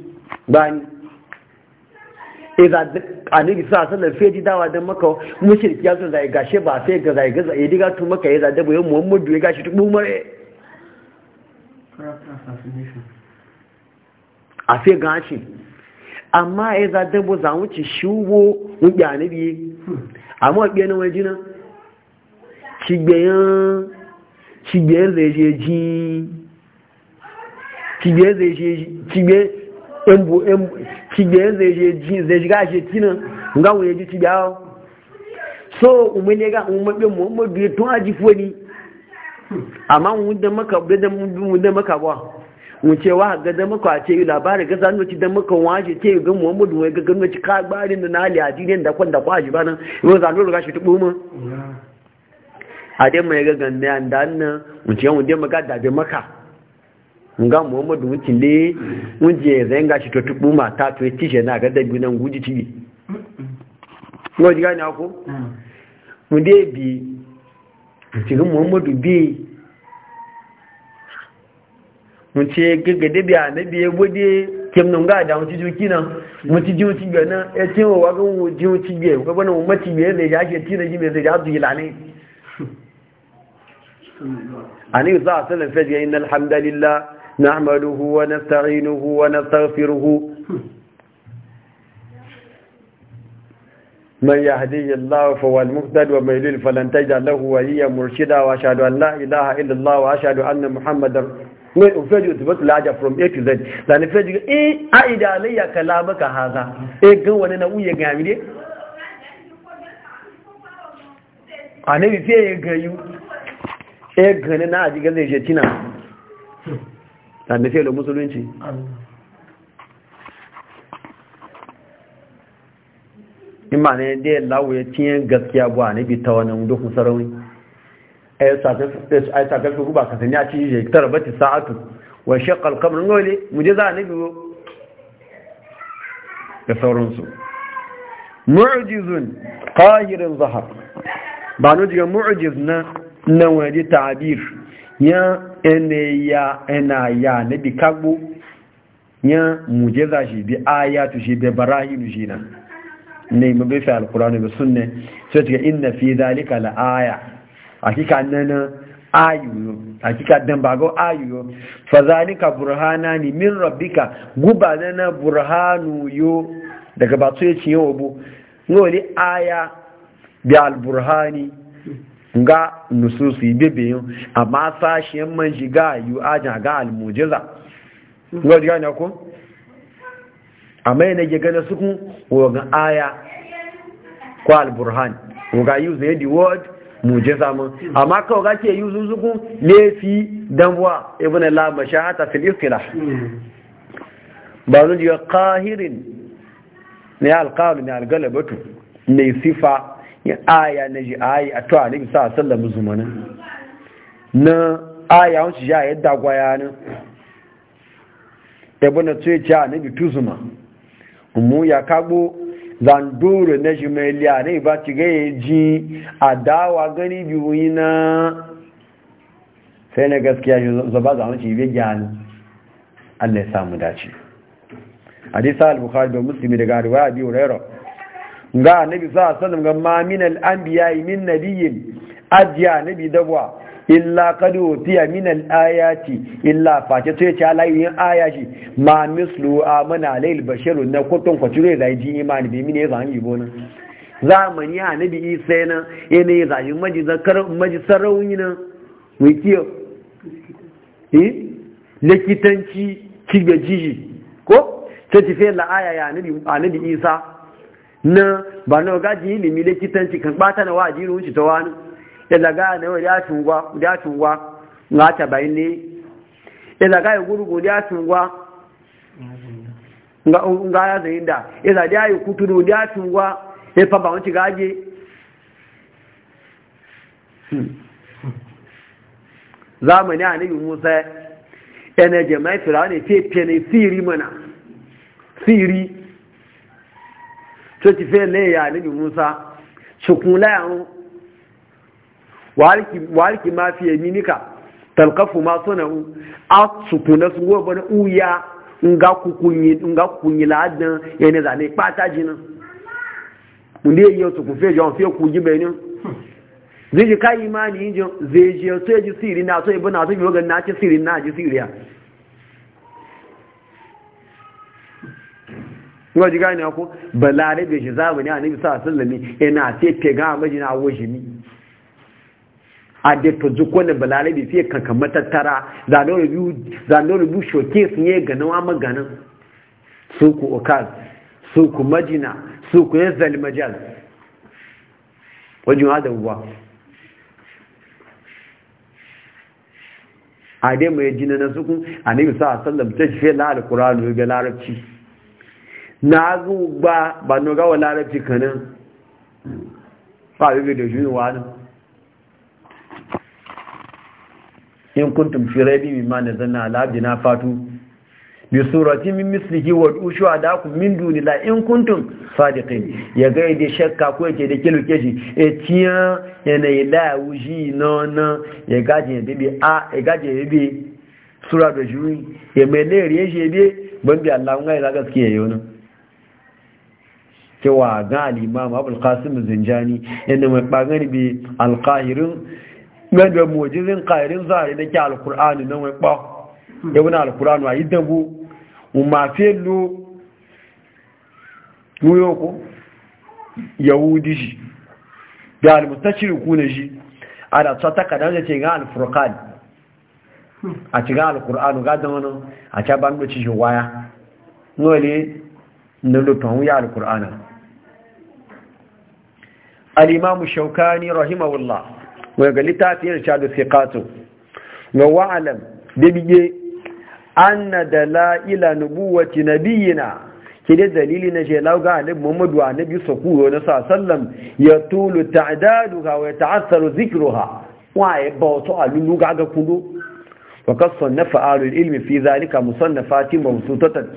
bani idan annabi sa sallan ji dawa don maka mushriki ya zo zai gashe ba sai ga zai ga zai diga tu maka ya da bayan muhammadu ya gashi tu mare a sai gashi amma ya zada bu za wuce shugo wuce annabi amma biya na wani jina, cigbeyan zai je ji cigbeyan zai je cigbeyan embu embu kibiyan zai je ji zai shiga shi tinan nga wo je tigao so umene ga umabe muhammadu ya tun aji fuwani amma mun da maka da mun da maka ba mun ce wa ga da maka ce labari ga zanu ci da maka waje ce ga muhammadu wai ga gano ci ka gbarin da na ali adinin da kwanda kwa ji ba nan yau zanu ruga shi tubu mu a dai mai ga ganda an dan nan mun ce mun da maka da maka nga muhammadu wuce le wunje zai ga shi to tubu mata to yi tishe na gada biyu nan guji cibi ngo ji gani ako mu dai bi cikin muhammadu bi mu ce gaggade bi anabi ya gode kim nun ga da wuce juki nan wuce ji wuce biya nan ya ce wa wagon wuce wuce biya ko bana mu mace biya da ya ke tina ji mai zai ya yi lane ani za a sanar fajiyar innal alhamdulillah. نحمده ونستعينه ونستغفره من يهديه الله فهو المهتد ومن يضلل فلن تجد له وليا مرشدا واشهد ان لا اله الا الله واشهد ان محمدا mai ufeji to basu laja from a to z da ni feji eh a idalayya kalamaka haza eh gan wani na uye ga mi de anabi fe ye gayu eh gani na aji ga zai sami fiye musulunci ima ne dai lawo ya tiye gaskiya buwa ne bi ta wani dukkan sarauni a yi sakafi guba ní àti ci je tara ti sáà wa shakal kamar mu za a sauransu yan ena ya ne bi kagbo yan mujeza shi bi tu shi barahi barahinu shi na ne mu be fi alkurani be sunne sai ta inna fi zalika la aya hakika nan ayu hakika dan bago ayu fa zalika burhanani min rabbika guba na burhanu yo daga batu ya ciyo obu ngoli aya bi alburhani ga nususu yi bebe bebeyin amma sashen man shiga yi ajin ga almujiza ga jiga ne ko? amma yana ga gane kun wogan aya ko alburhan woga yi zai di word mujiza mun amma kawai ga ke yi zuzuku lefi damuwa ibn lamasha hata filistila ba zun jiga kahirin ne alkalu ne algalabatu mai sifa ya aya na ji aya a to alim sa sallam zumana na aya won ci ya yadda gwaya na ebo na tuye ci anabi tuzuma mu ya kagbo zanduru na ji mai liya ne ba ci ga ji adawa gani biyu na sai na gaskiya shi zaba zama ci bai gyani Allah ya samu dace hadisa al-bukhari da muslimi daga riwaya biyu rairo ga nabi sa alaihi ga ma min al-anbiya min nabiyyin ajiya nabi dabwa illa qad utiya min al-ayati illa fa ce sai ce yin aya shi ma mislu amana layl basharu na kotun kwature zai ji imani bi ya zan yi bonan zamani nabi isa na yana yi zai maji zakar maji sarauni na wikiyo eh likitanci kiga ko ta tafiya la aya ya nabi isa na ba na gaji ilimi likitanci kan bata na waji ruwan shi ta wani ya daga na yau ya shungwa na ta bayin ne ya daga ya gurgu ya shungwa nga ya zai da ya zaɗi ya yi kuturu ya shungwa ya fa ba wanci gaje hmm. zamani a nabi musa yana jama'i firawun ne fiye fiye ne siri mana siri tó ti fẹ́ lẹ́yà níbi musa ṣùkún láyàwó wàhálìkì máa fi èmi níkà tàlkafu ma sọ́nà ń a ṣùkún na sun wọ́n bọ́nà uya nga kukunyi láàdán ẹni zane pátá jiná ndé yíò ṣùkún fẹ́ jọ fẹ́ kú jíbẹ̀ ní zai ji kayi ma ni yin zai ji ya so ya ji siri na so ibi na so ibi na ci siri na ji siri ya yau ji gane ku lare da shi zamani a nabi sa sallami ina sai pega a majina a wajen ni a da ta duk wani lare da fiye kankan matattara zanen rubu shoke sun yi ganin wa maganin su ku okaz su ku majina su ku yin zalmajal wajen hada uwa a dai mai jina na sukun a nabi sa sallam ta shi fiye na alkuranu ga larabci na azu gba ba no ga wala rafi kanan fa bi da shi wa nan in kuntum fi ma na zanna ala na fatu bi surati min mislihi wa ushu adakum min duni la in kuntum sadiqin ya ga da shakka ko yake da kilo keji e tiya yana ila wuji no no ya gaje da bi a ya je bi sura da juri ya mele riye je bi ban bi Allah ngai la gaskiya yau nan cewa ga alimama imam abul qasim zinjani yadda mai bagani bi al-qahirin ganda mujizin zari da ke al-qur'ani nan wai ba ibn a yi dabu, yidabu lo felu muyoko yahudi shi da al-mustashriku shi a da ta kadan da ce ga alfurkan a ci ga al ga da a ca ban da ci waya nole na lutan ya al al'imamu shaukani rahimahullah ga littafiyar shadu sikatu ga wa'alam da bige an na da la'ila nubuwaci na biyina ke da dalili na shelau ga halib muhammadu a nabi sakuro na sasallam ya tulu ta'adadu ha wa ya ta'asaru zikiru ha wa ya bautu a lulu ga aga kudu wa kasan na fa'arul ilmi fi zalika musannafatin mabututatan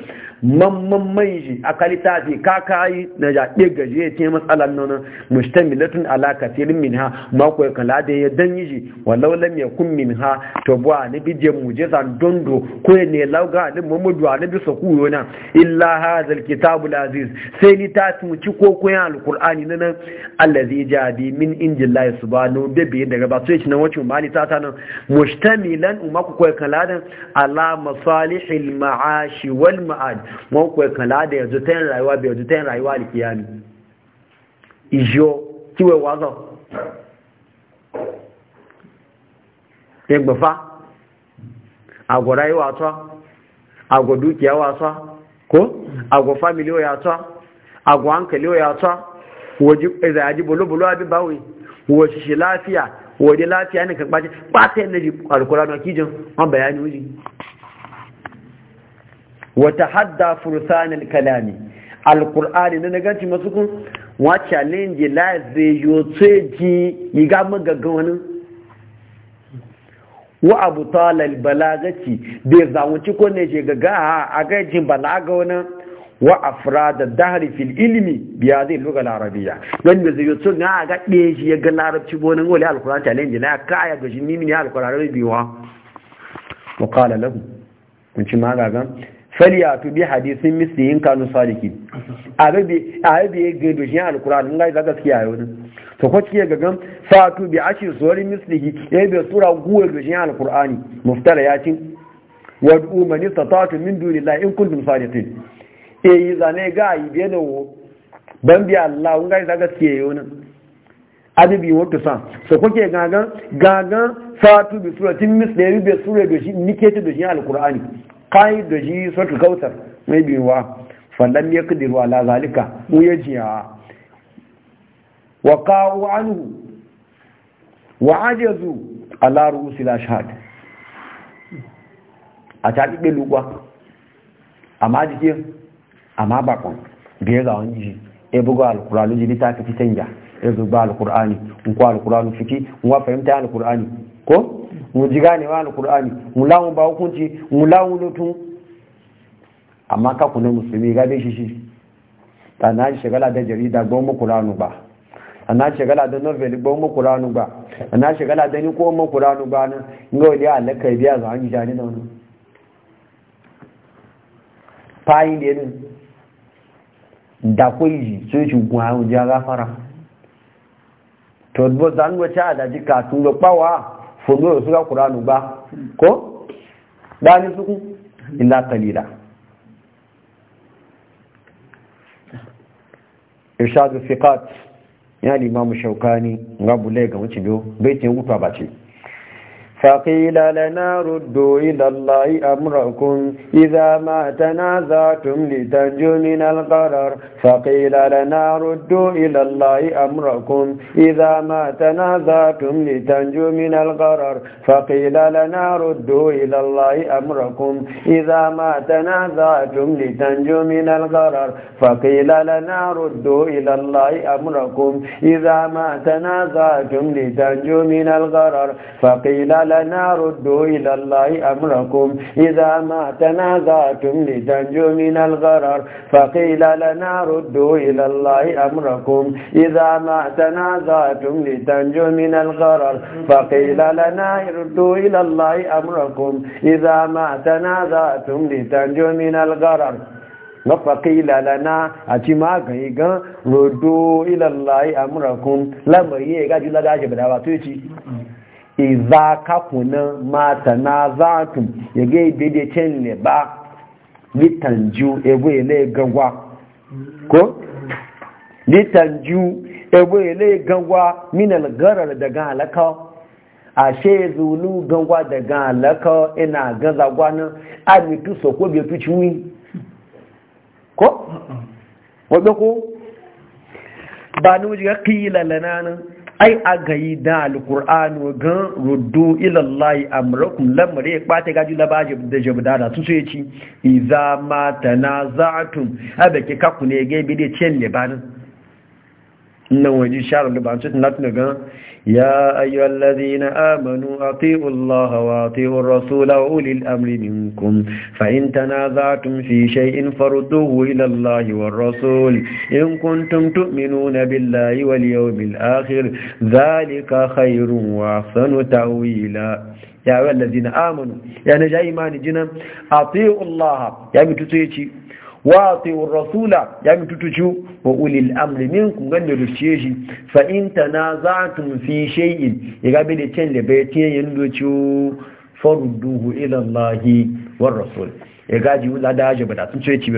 mamman mai shi a kalita fi kaka yi na jaɗe gaji ya ce matsalan nan mustamilatun alaka tilin min ha mako ya kala da ya dan yi shi walau lam ya kun min ha to buwa na bi je mu je san dondo ko ya ne lauga ni mamadu na bi saku yona illa zal kitabul aziz sai ni ta mu ci ko ko alkur'ani na nan allazi bi min injillahi subhanahu bai bi daga ba sai na wacin mali ta ta nan mustamilan umma ko ya kala da ala masalihil ma'ashi wal ma'ad wọn kò kànlá da rayuwa bai yanzu rayuwa alikiya ne kiwe wazọ egbefa agwa rayuwa atọ dukiya wasa ko agwa family o ya atọ agwa abin lafiya ne kan ne alkura na kijin wata hadda fursanin kalami alkur'ani na nagarci masu kun wa challenge la zai yoce ji yiga magaga wani wa abu talal balagaci bai zamuci ko ne ce gaga a gajin balaga wani wa da dahari fil ilimi biya zai lugha larabiya don da zai yoce na ga ɗaya shi ya ga larabci bonan wale alkur'ani challenge na ya kaya ga shi mimi ne alkur'ani wa qala lagu kun ci magagan faliya to bi hadisin misli in kanu saliki a rabi ya ga shi alkur'an in ga za gaskiya yau ne to ko kike ga gan fa to bi ashir suri misli ya bi sura guwa da shi alkur'ani muftara ya ci wad'u man istata'tum min la in kuntum sadiqin e yi zane ga yi biye da wo ban bi Allah in ga za gaskiya yau ne adabi wato sa so kuke gagan gagan fa to bi suratin misli ya bi sura da shi nikete da shi alkur'ani kai da ji sautu kautar mai biyuwa fallan ya kudiru ala zalika mu ya jiyawa wa kawo anhu wa ajazu ala ru'usil shahad a ta ɗiɗe lugwa amma jikin amma bakon biye ga wani ji e buga alkurani ji ta fi canja ya zuba alkurani in ko fiki in fahimta alkurani ko mu ji wa alkur'ani mu lawun ba hukunci mu lawun lutun amma ka kuna musulmi gabe shi shi ta na ji shagala da jarida gbon makuranu ba a na shagala da novel gbon makuranu ba a na shagala da niko makuranu ba na ga wani alaka biya za a yi jani na wani fayin da yanin da kwaiji sun shi gwa hujja gafara to bo zan wace a daji katun ga kwawa fodo su ga qur'anu ba ko dani su ku illa qalila irshad fiqat ya imam shawkani ngabu ga wuce biyo bai ce wuta ba ce فقيل لنا ردوا إلى الله أمركم إذا ما تنازعتم لتنجوا من القرار فقيل لنا ردوا إلى الله أمركم إذا ما تنازعتم لتنجوا من القرار فقيل لنا ردوا إلى الله أمركم إذا ما تنازعتم لتنجوا من القرار فقيل لنا ردوا إلى الله أمركم إذا ما تنازعتم لتنجوا من القرار فقيل لنا لنردوا إلى الله أمركم إذا ما تنازعتم لتنجوا من الغرر فقيل لنا ردوا إلى الله أمركم إذا ما تنازعتم لتنجوا من الغرر فقيل لنا ردوا إلى الله أمركم إذا ما تنازعتم لتنجوا من الغرر mafakila lana a ci magani gan rodo ilallahi amurakun lamarin ya gaji lada ake bada ba to ci iza kakunan mata na zatun ya ga ibidicin ne ba ju ebe ile gangwa ko litan ju ebe ile gangwa minal garar daga a ashe zulu gangwa daga halaka ina gaza gwanin amitu soko bai tuci wi ko wadda ko ba ni wujiga kila lananin ai a gayi da alkur'ani gan ruddu ilallahi amrakum lamari ya kwata gaji laba da jabdada su sai ci iza ma tanaza'tum abake kaku ne ga bi da cin libanin nan waje sharon libanin su latin gan يا أيها الذين آمنوا أطيعوا الله وأطيعوا الرسول وأولي الأمر منكم فإن تنازعتم في شيء فردوه إلى الله والرسول إن كنتم تؤمنون بالله واليوم الآخر ذلك خير وأحسن تأويلا يا أيها الذين آمنوا يعني جاي ما نجنا أطيعوا الله يعني تتويتي wa ati'ur rasula ya mi wa ulil amri minkum gan da shi fa in tanaza'tum fi shay'in ya ga bi da can da bai ila allahi war rasul ya gaji wala da aje ba da ci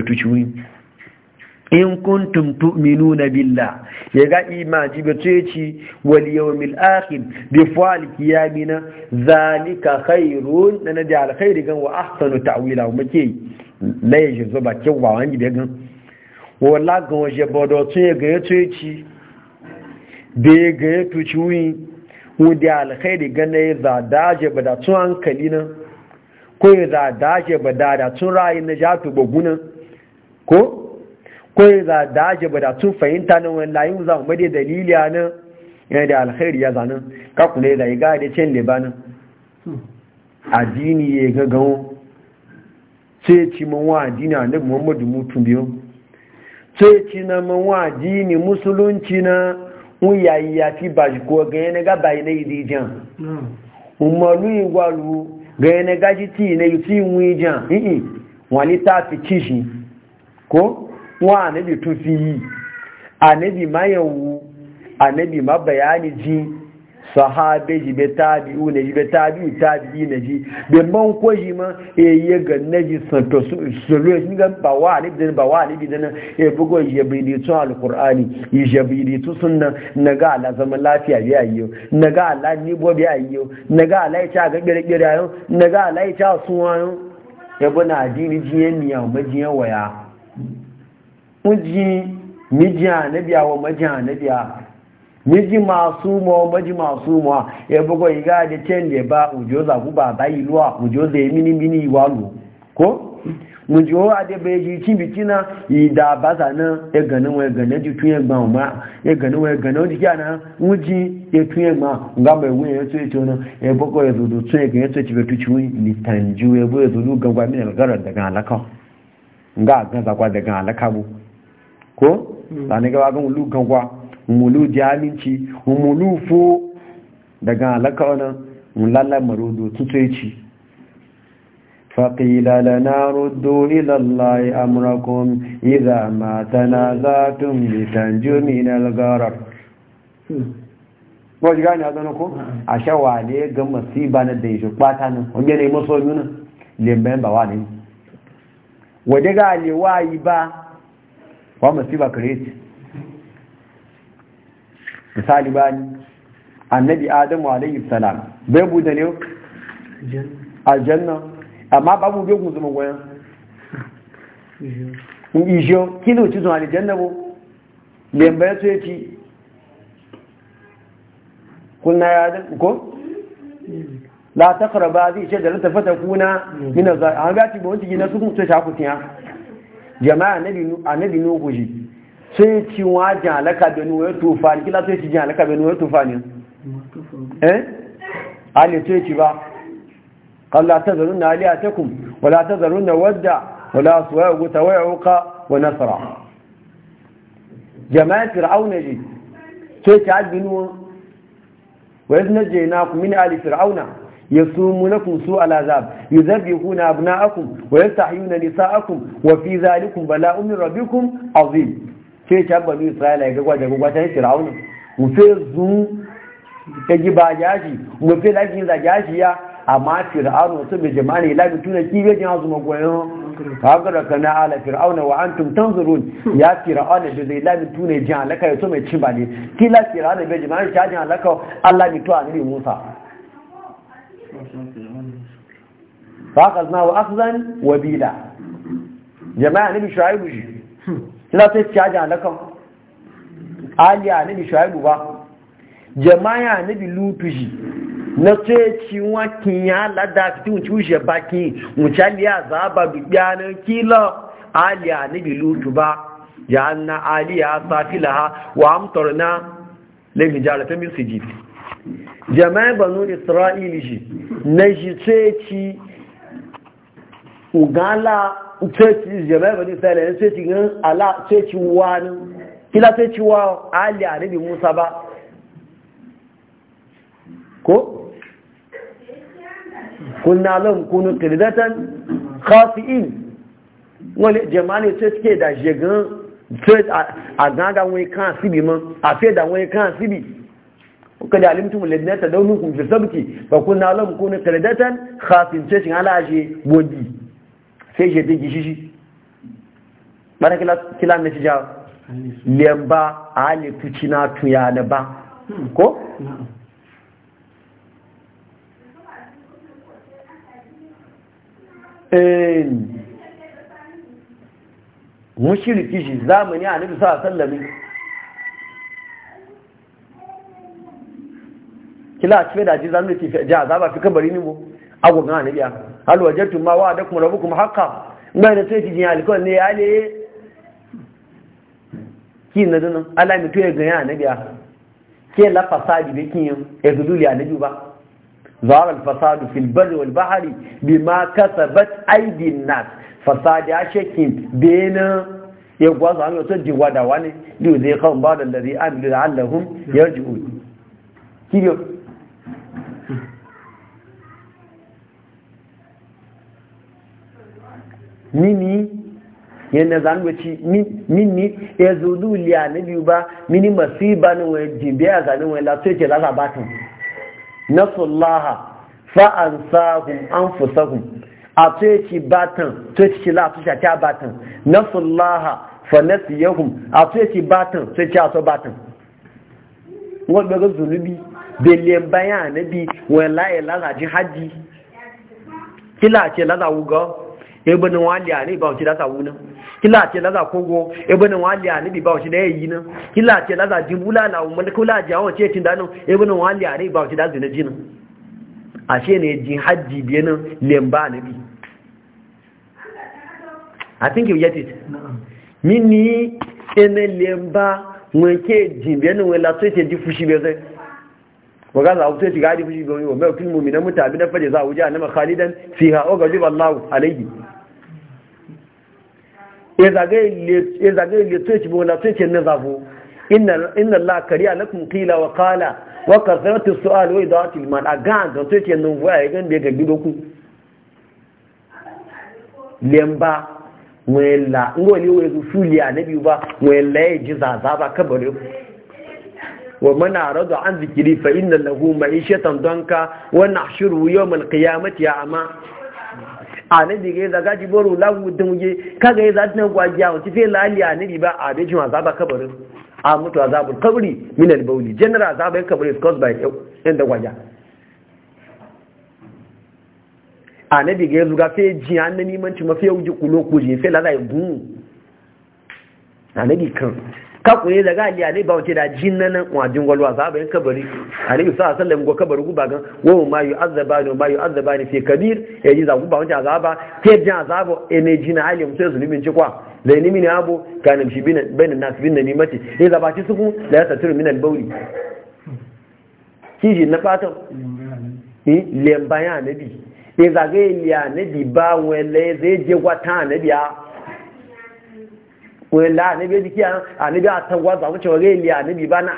in kuntum tu'minuna billah ya ga imaji ba ce ci wal yawmil akhir bi fa'al qiyamina zalika khairun na da alkhairi gan wa ahsanu ta'wila mu ke la yaji zuba wa wani be gan wala gan je bodo tun ya ga ce ci be ga to ci wi mu da alkhairi gan ne za daje ba da tun hankali nan ko ya za daje ba da tun rayin na jatu ko ko za da ake ba da tun fahimta na wani layin za mu made dalili a nan yana da alkhairi ya zanen kakule da ya ga da cin libanin addini ya gagawo ce ci manwa addini a nan muhammadu mutum biyu ce ci na manwa addini musulunci na fi ba shi ko ga yana gaba yana idi jan umaru igwalu ga yana gaji ti na yi ti yi, wani ta fi kishi ko wọn anabi tún fi yìí anabi ma a anabi ma bayani ji sahabe ji be u ne ji be taabi tabi'i ne ji be man ko ji ma e ye ga ne ji san to su lo e ni ga ba wa ni den ba wa ni den e bugo ye bi ni to alqur'ani yi je bi ni to sunna na ga ala zaman lafiya ya yi e na ga ala ni bo ya yi na ga ala ya ga gere gere ayo na ga ala ya suwa yau, e na adini jiyen ni ya ma jiyen waya uji mijiya na biya wa majiya na biya miji masu mo maji masu mo ya bugo iga de tende ba ujo ba bayi luwa ujoze mini mini iwalu ko mujo ade be ji chin china ida baza na e ganin we ganin ji tun egban ma e ganin we ganin o di kana uji e tun egban nga be we e e e e na gara daga alaka nga kwa daga alaka ko hmm. ba ne gaba ga mulu gagwa mulu jaminci mulu fo daga alaka wani mulallar marudu tutuici faƙila da na rudu ilallai amurakun iza mata na za tun bi tanjomi na algarar hmm. ko jiga ne a zana ko a shawa ne ga masiba na da yi kwata nan wanda ne maso yunan lemben ba wa ne wadda ga wa yi ba wa masiba kare ce misali bani annabi adamu alayhi salam bai buɗe ne aljanna amma babu bai kun zuma goyon in ijo kilo ci zuwa aljanna bo lembe so ci? kunna ya da ko la ce da shajarata fatakuna kuna? mina za an ba bo wanti gina su kun to shaku tiya jama'a annabi nuhu guji sai ci wa jan alaka benu ya tufani kila sai ci jan alaka benu ya tufani eh ali sai ci ba qalla tazarun aliyatakum wala tazarun wadda wala suwa ta waya uqa wa nasra jama'a fir'auna ji sai ci ajinu wa idnajainakum min ali fir'auna يصومونكم سوء العذاب يذبحون أبناءكم ويستحيون نساءكم وفي ذلك بلاء من ربكم عظيم sai can banu isra'ila ya gagwa da gagwa ta yi firawuna mufe zu ta ji ba jashi mufe lafi za jashi ya amma fir'aunu sun bai jama'a ne lafi tuna kibe jin hazu magoyan kagara kana ala fir'auna wa antum tanzurun ya fir'auna da zai lafi tuna jin halaka ya so mai ci ba ne kila fir'auna ta allah bi to a musa فأخذناه أخذا وبيلا جماعة نبي شعيب جي لا تتشاجع لكم قال يا نبي Shu'aibu ba. جماعة نبي لوت جي na ce ciwa kinya lada fiti wuce wuce baki wuce aliya zaba biyanar kila aliya na bilutu ba ya aliya safi laha wa amtar na laifin min jama'a banu isra'ili shi na shi ce ci ugala ceci jama'a bani isra'ila yan ceci gan ala ceci wani kila ceci wa ali arabi musa ba ko kunna lam kunu qirdatan khafi'in wani jama'a ne ke da jegan ceci a ganga wani kan sibi man a fe da wani kan sibi kuka da alimtum ladina kun fi sabti fa kunna lam kunu qirdatan khafin ceci ala aje bodi sai je bin gishishi bana kila na ci jawo lemba a halittu cina tuya na ba ko? Eh. mushiriki shi zamani a nufi sa sallami kila a cikin da ji zamani ke ja za ba fi kabari ne mu agwagan a nufi hal wajadtum ma wa'adakum rabbukum haqqan ngai da sai kijin alkon ne ya le ki na dana alami to ya ga ya nabi ke la fasadi be kin e guduli ya nabi ba zara al fasadu fil barri wal bahri bima kasabat aydi nas fasadi a shekin bena ya gwazo an yato jiwa da wani liyu zai kan ba da lari amilu da allahun yarji'u kibiyo mini yana za ci mini ya zo duliya na biyu ba mini masiba ni wani jimbe a zanen wani lafiya ke za ba na sullaha fa'an sahun an fusahun a tuyaci batan tuyaci lafi shaka na sullaha fa nasiyahun a tuyaci batan tuyaci aso batan wọ́n gbẹ̀rẹ̀ zunubi belen bayan anabi wọ́n láyé lára jihadi kila láti lára ga. ebenin wali a ne ba wuce lasa wunan kila ce laza kogo ebenin wali a ne bi ba wuce da yayi nan kila ce laza jibula na umar kula jawon ce tin danin ebenin wali a ne ba wuce da zina jinin ashe ne jin hajji biye nan lemba na bi i think you get it mini ene lemba wonke jin biye nan wela so ce ji fushi biye zai waga za wuce shiga ji fushi biye wa mai kin mu'mina mutabi na fade za wuce annama khalidan fiha o gajiba Allah alaihi ya zagaye le tuci bola tuci na zabo inna Allah kariya kila qila wa qala wa kasratu su'al wa idatu al-mal aga ga tuci nan wa ya gan da ga gido ku lemba wela ngoli we zu fuli nabi ba wela ya ji zaza ba kabare wa mana radu an zikiri fa inna lahu ma'ishatan danka wa nahshuru yawm al-qiyamati ya ama da ga zaga ji boro lagu dunje kaga ya zatin gwajiya wata fe lali anabi ba a bejin azaba kabarin a mutu azabul kabri min al bawli general azaba kabri is caused by inda gwaja anabi ga zuga fe ji annani manci mafi yauji kulo kuje fe lalai bu anabi kan kaku daga ali ali ba wace da jinnan nan wajin walwa sahaba yan kabari annabi sallallahu alaihi sallam go kabari guba gan wo ma yu'azzaba azabani ma yu'azzaba ne fi kabir eh, ya ji zaku ba wace azaba ke ji azabo ene eh, jina ali sai zulumin ci kwa da ni mini abu kana shi bin bayin nas bin nimati sai eh, ba ci suku la yasatiru min al-bawli kiji na fata eh ya nabi sai zagaye liya nabi ba wele zai je gwata nabi a wela anabi jiki anabi atagwa za mu cewa gaili anabi bana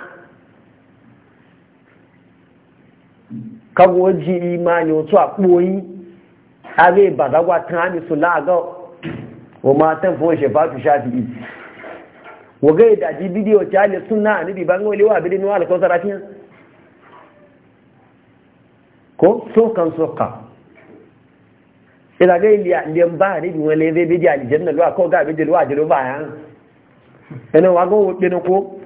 kago ji imani wato a koyi are badagwa tani su la ga wa matan fo shafatu shafi'i wa ga da ji bidiyo ta le sunna anabi ban wale wa bidin wa alkawsaratin ko so kan so ka ila ga ili ndi mbari ni wale ve bidi ali janna lwa ko ga bidi lwa jiro ba yan ene wa go wode no ko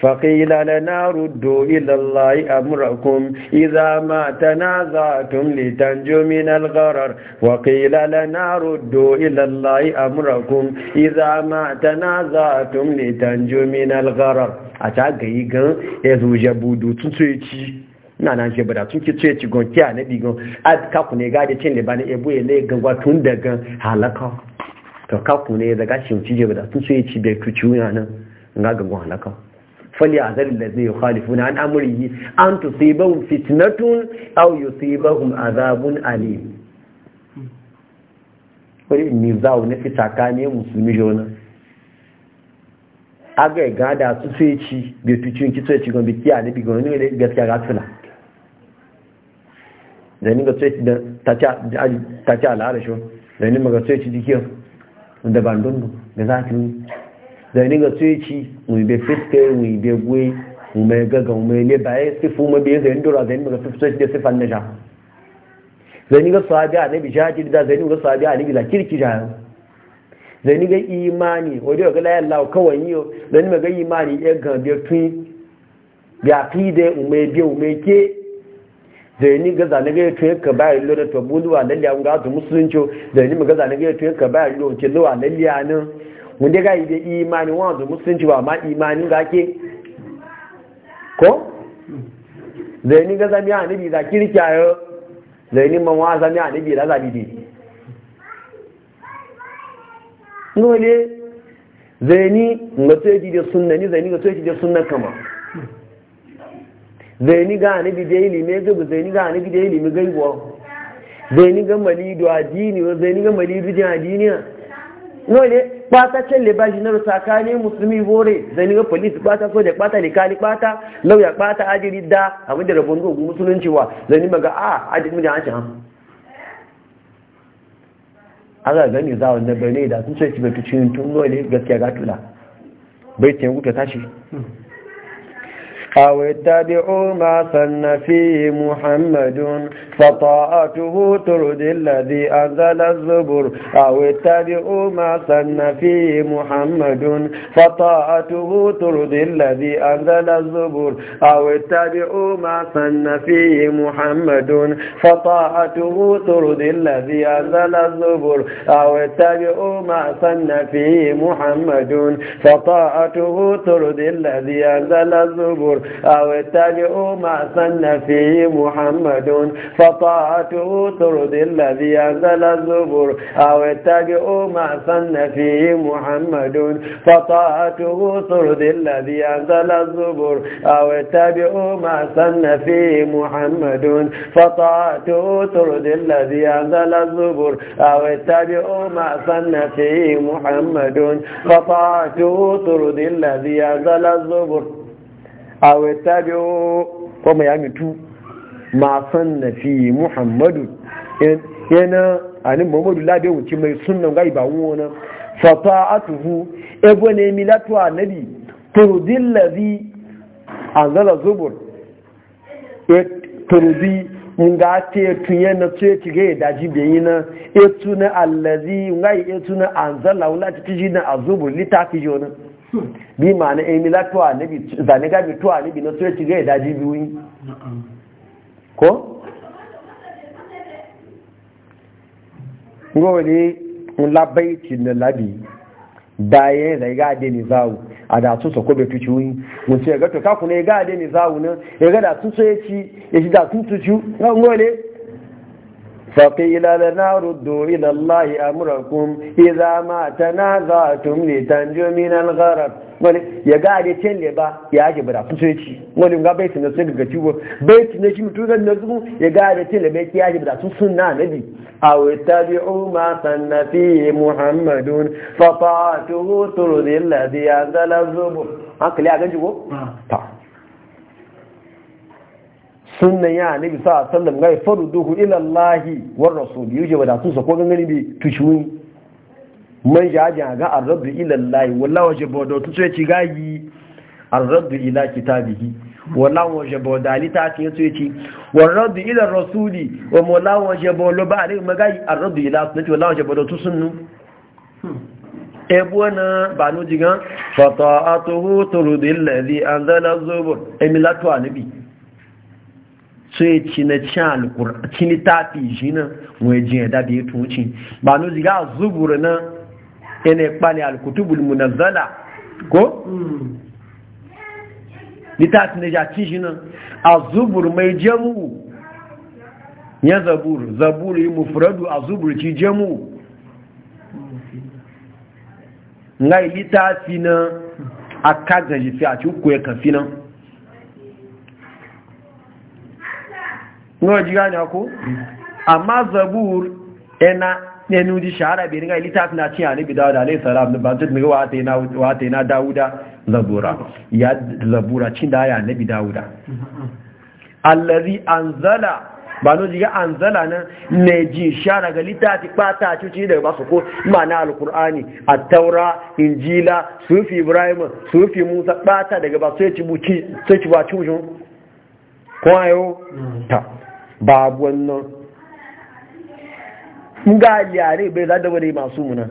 fa qila lana ruddu ila allahi amrakum idha ma tanazatum litanju min algharar wa qila lana ruddu ila allahi amrakum idha ma tanazatum litanju min algharar a ta ga yi gan ezu jabudu tun tsoyi e na nan je bada tun ki ci gon kiya na bigon ad ka ku ne ga cin da bani ebu e lai gangwa tun daga halaka to ka ku ne daga shi mutu je bada tun sai ci be ku ciwa nan ga gangwa halaka fali azal khalifu na an yi. an sai tusibahum fitnatun aw yusibahum azabun alim wani mizau na fita ne musulmi jona A ga e gada su sai ci be tuci ki sai e ci gon bikiya ne bigon ne gaskiya ga tula da ni ga tsoci da ta ci al'ada shi da ni ga tsoci jikiyar da bandundu da zafi yi da ni ga tsoci mai bai fiske mai bai gwe mai gaga mai ne ba ya sifu mai bai zai dora zai ni ga tsoci da sifan na sha zai ni ga sahabi a nabi shahajir da zai ni ga sahabi a nabi zakirki shahajir zai ni ga imani wadda ga layar lawa kawai yi zai ni ga imani ya gabe tun ya fi da umar biya umar ke zaini ga zane ga yato ka bayan lura to buluwa lalliya mun ga su musulunci zaini mu ga zane ga yato yanka bayan lura ke luwa lalliya nan mun dai ga da imani wa su musulunci ba ma imani ga ke ko zaini ga zami a nabi za kirkiya yo zaini man wa zami a nabi da zabi bi nole zaini ngatsoji da sunna ni zaini ngatsoji da sunna kama zaini ga anabi da ilimi bu zaini ga anabi da ilimi gaibuwa zaini ga malidu adini wa zaini ga malidu jin adiniya wale pata kelle ba shi na rusaka ne musulmi bore zaini ga police pata soja pata likali pata lauya pata ajiri da abin da rabon gogu musulunci wa zaini maga a ah, ajiri mu da an shan aga gani za wannan bane da sun ce ci bai tuci tun wale gaskiya gatula bai ce wuta tashi أو اتبعوا ما سن فيه محمد فطاعته ترد الذي أنزل الزبر أو اتبعوا ما سن فيه محمد فطاعته ترد الذي أنزل الزبر أو اتبعوا ما سن فيه محمد فطاعته ترد الذي أنزل الزبر أو اتبعوا ما سن فيه محمد فطاعته ترد الذي أنزل الزبر أو اتبعوا ما سن فيه محمد فطاعته ترد الذي أنزل الزبر أو اتبعوا ما سن فيه محمد فطاعته ترد الذي أنزل الزبر أو اتبعوا ما سن فيه محمد فطاعته ترد الذي أنزل الزبر أو اتبعوا ما سن فيه محمد فطاعته ترد الذي أنزل الزبر a wata biyo ko mai ma masan na fi muhammadu yana ani muhammadu labe wuce mai sunan gai ba wu wona fata tuhu ebe ne mi a nabi turudi lazi anzala zubur e, ga nga yi tunye na tsoye tige daji yi na etu na allazi nga etu na anzala wula ta ji na azubur yi wani bí ma ní èmi látọ́wà níbi ìzànigàbí tọ́wà níbi náà tó ti gẹ́ ìdájí bí wí kó ngọ́wẹ̀ ní ńlábẹ́ ìtì nílábì dáyẹ́ ìdáyẹ́gáàdé ní záwù àdàtúnsọ̀ kó bẹ̀tù ti wí mo ti ẹ̀gẹ́tọ̀ kákùnrin ya ní záwù náà ẹgẹ́dà túnsọ̀ ẹ̀tì èsìdà túntù فقيل لنا ردوا إلى الله أمركم إذا ما تنازعتم لتنجوا من الغرب wani ya ga a cin ne ba ya ake bada kusurci wani ga bai tunan sun daga ciwo bai tunan shi mutu zan nazu ya ga a cin ne bai ki ake bada sun suna nabi a wata bi umma sannafi a ko? sunna ya annabi sallallahu alaihi wasallam ga faruduhu ila Allah war rasul yuje wada su ko gangani bi tushuni man jaja ga arraddu ila Allah wallahi waje bodo to sai ci gayi arraddu ila kitabihi wallahi waje bodo ali ta ce to ci warraddu ila rasuli wa mawla waje bodo ba ali magayi arraddu ila sunnati wallahi waje bodo to sunnu ebu na banu jigan fata'atuhu turdi alladhi anzala az-zubur emilatu anabi sai ci na cin alkur'ani ci littafi shi nan wai jin da bai tuci ba no ziga zubur na ene kwale na zala, ko littafi na ja ci shi a zuburu mai jemu jamu ya zabur zabur yi a zuburu ci jemu jamu ngai littafi na aka gaji fi a ci uku ya kafi na. nawa ji gane ko amma zabur yana yanu ji shahara bai ringa littafi na cin alibi dawo da alai salam da bantu daga wata na dawuda zabura ya zabura cin da ya annabi dawuda allazi anzala ba no jiga anzala nan ne ji shahara ga littafi bata cuci daga basu ko ma'ana alqur'ani at-taura injila sufi ibrahim sufi musa bata daga ba ya ci buci sai ci ba cujun ko ayo ta babu wannan ga liyare bai za da wani masu muna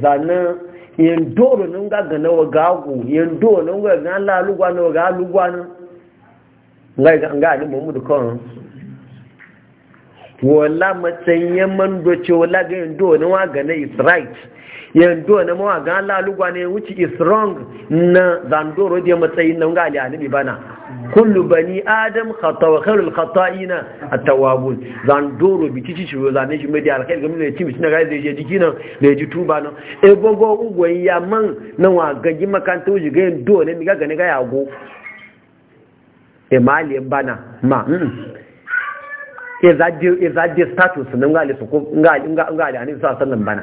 zanen yin doro nan ga gana wa gagu yin doro nan ga gana lalugwa na wa ga lugwa na ngali ga ni mu da kan wala matsayin man doce wala ga yin doro nan wa gana is right yanzu wani mawa ga lalugwa ne wuce is wrong na zandoro da matsayin nan gali alibi bana kullu bani adam khatawa wa khairul khata'ina at tawabun zandoro bi cici ciro zane shi media alkhair gamin ne timi sina gaje je jiki nan ne ji tuba nan e gogo ugwen ya man na wa gaji makanta wuce ga yanzu ne mi ga gane ga yago e mali bana ma e zaje e zaje status nan gali su ko ngali ngali ani sa bana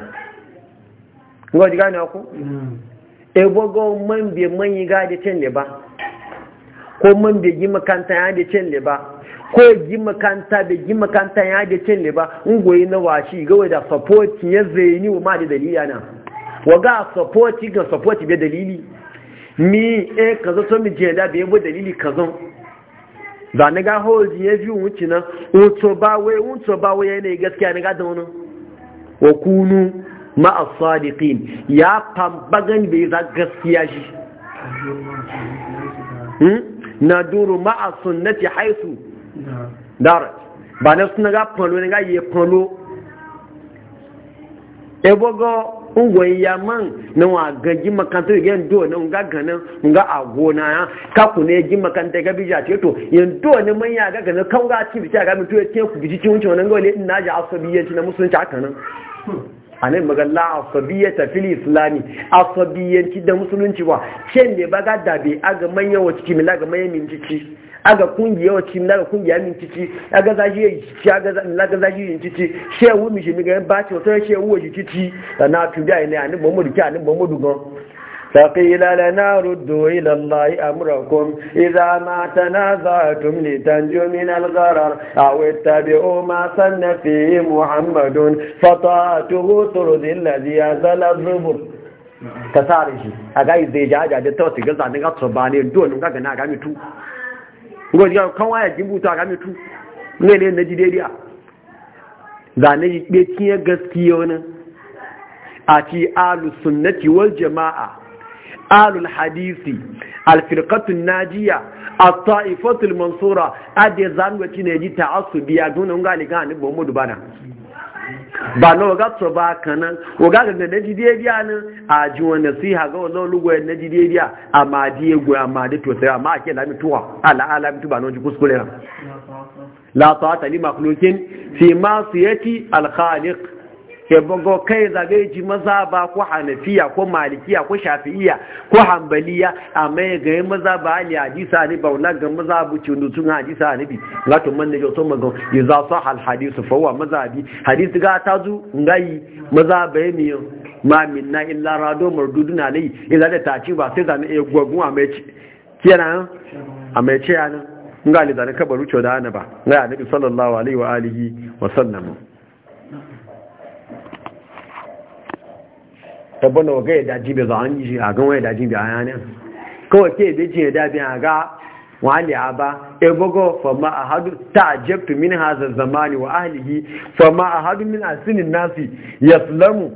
ngo ji gane ku mm. ebogo man be man yi ga da cin ba ko man be gi makanta ya da cin ba ko gi makanta be gi makanta ya da cin ba ngoyi na washi ga da support ya zaini wa ma da dalili na wa ga support ga support be dalili mi e kazo to mi je da be bo dalili kazo da ni ga hold ya fi wuce nan wuto ba wai wuto ba wai ne gaskiya ni ga da wani wa kunu ma'a sadiqin ya fambagan bai za gaskiya shi hmm? na duru ma'a sunnati haisu darat ba na suna ga falo ne ga yi falo ebogo ungwen ya man na wa gaji makanta yan do na nga ganan nga a gona ya ka ku ne ji makanta ga bija ce to yin do ne man ya ga ganan kan ga ci bija ga mutu ya ce ku biji cin wancan ga gole ina ji asabi yanci na musulunci haka nan anan magalla asabiyyata fil islami asabiyyanci da musulunci ba ce ne ba ga be aga manyan wacce mila ga manyan cici aga kungiya wacce mila ga kungiya min cici aga zaji ya cici aga na ga zaji yin cici shehu mishi shi mi ga ba ci wata shehu wa cici na tuda ne ani Muhammadu ki ani Muhammadu gan. فقيل لنا ردوا إلى الله أمركم إذا ما تنازعتم لتنجوا من الغرر أو اتبعوا ما سن فيه محمد فطاعته ترضي الذي أزل الظبر ka شيء أقاي shi a gayi قلت عن ajaje ta wasu gaza na gatsu ba ne dole ga gana ga mitu ko ji kan waya jimbuta ga mitu ne ne na ji daidai za ne yi gaskiya wani a ci alu sunnati wal jama'a alul hadisi alfirkatun najiya a ta'ifatul mansura adi zanwaci ne ji ta'asubiya dunan gali kan hannun bamu dubana ba na waga to ba kanan waga ga na jide biya nan a ji wa nasiha ga wannan lugwaye na jide biya amma diye go amma da to sai amma ake lami ba non ji kuskure na la ta'ata li makhluqin fi ma'siyati al ke bago kai zage ji maza ba ko hanafiya ko malikiya ko shafi'iya ko hanbaliya amma ya ga maza ba ali hadisa ne ba wala ga maza bu ci ndu tun hadisa ne bi ga man ne to mago ya za sa hal hadisu fa wa maza bi hadisi ga ta zu ngai maza ba ne ma minna illa rado marduduna lai illa da ta ci ba sai zame e gwagun a mai kiyana a mai ce yana ngali ne kabaru cewa da ana ba ngai annabi sallallahu alaihi wa alihi wa sallam sabon wa ga da jibe za an yi shi a gan wai da bai a ne kawai ke da jiye da bi a ga wali aba e eh, fama a hadu ta ta'ajabtu min hazar zamani wa ahlihi fa ma ahadu min asinin nasi ya sulamu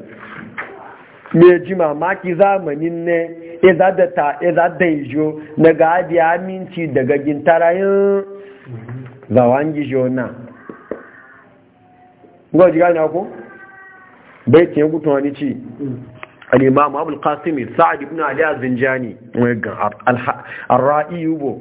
mai ji mamaki zamanin ne ya e zada da ta e za da ijo na gadi aminci daga gintarayin zawangi na goji gani ko bai tiyan gutu wani ci mm. الإمام أبو القاسم سعد بن علي الزنجاني الرائي يبو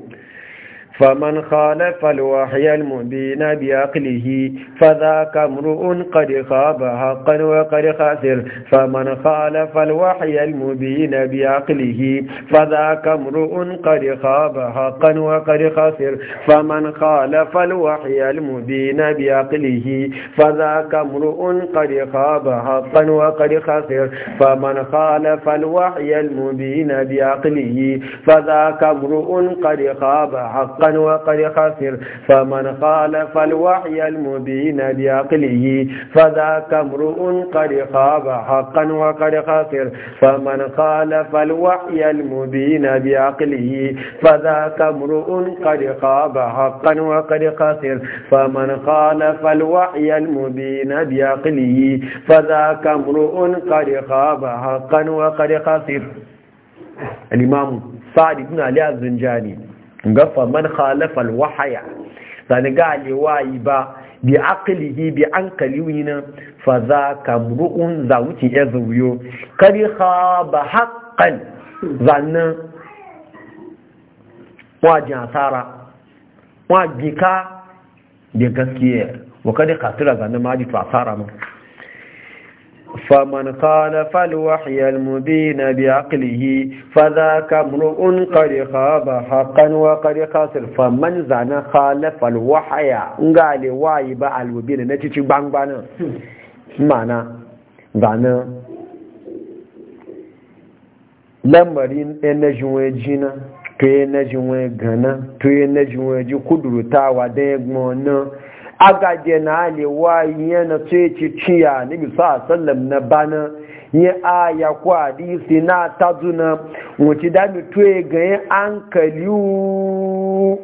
فمن خالف الوحي المبين بعقله فذاك امرؤ قد خاب حقا وقد خسر فمن خالف الوحي المبين بعقله فذاك امرؤ قد خاب حقا وقد خسر فمن خالف الوحي المبين بعقله فذاك امرؤ قد خاب حقا وقد خسر فمن خالف الوحي المبين بعقله فذاك امرؤ قد خاب حقا وقد خسر فمن خالف الوحي المبين بعقله فذاك امرؤ قد خاب حقا وقد خسر فمن خالف الوحي المبين بعقله فذاك امرؤ قد خاب حقا وقد خسر فمن خالف الوحي المبين بعقله فذاك امرؤ قد خاب حقا وقد خسر الإمام سعد بن علي الزنجاني gafa man khalafal wahaya sani ga alewayi ba bi aqlihi bi ankali na fa za ka mru'un za wuce ya zauyo kari khaba haqqan zanna jan asara waje ka da gaskiya wa kadi khatira zanna ma ji asara ma فمن خالف الوحي المبين بعقله فذاك امرؤ قد خاب حقا وقد خاسر فمن زنا خالف الوحي قال واي با المبين نتيجي بان بان معنى زنا lamarin enejin wee jina to enejin wee gana to enejin wee ji kudurutawa don egbon náà agaje na alewa yana ce ce ciya ni bisa sallam na bana yi aya ko hadisi na tazuna wuce da mutuwe ga an ankali wuce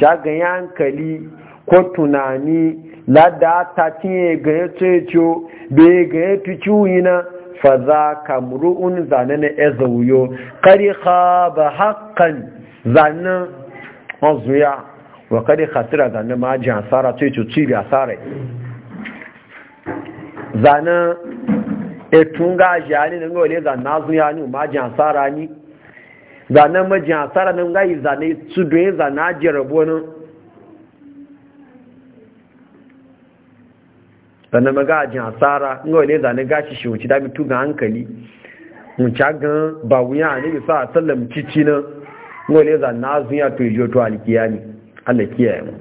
ga an kali ko tunani lada ta cinye ga yin ce bai ci yin tuci na faza kamru'un zane na ezauyo kari ha ba haƙƙan zanen ozuya wa kada khasira zane ma ji asara to yace ci asara zane e tunga jani nan gole zan nazu ya ni ma ji asara ni zane ma ji asara nan ga yi zane su do zane magajin asara wale zane gashi shi wuce dami ga hankali wuce gan ba wuya ne bisa a tsallam cici na inga wale zane na zuya to jo to alikiya ne Allah kiyaye mu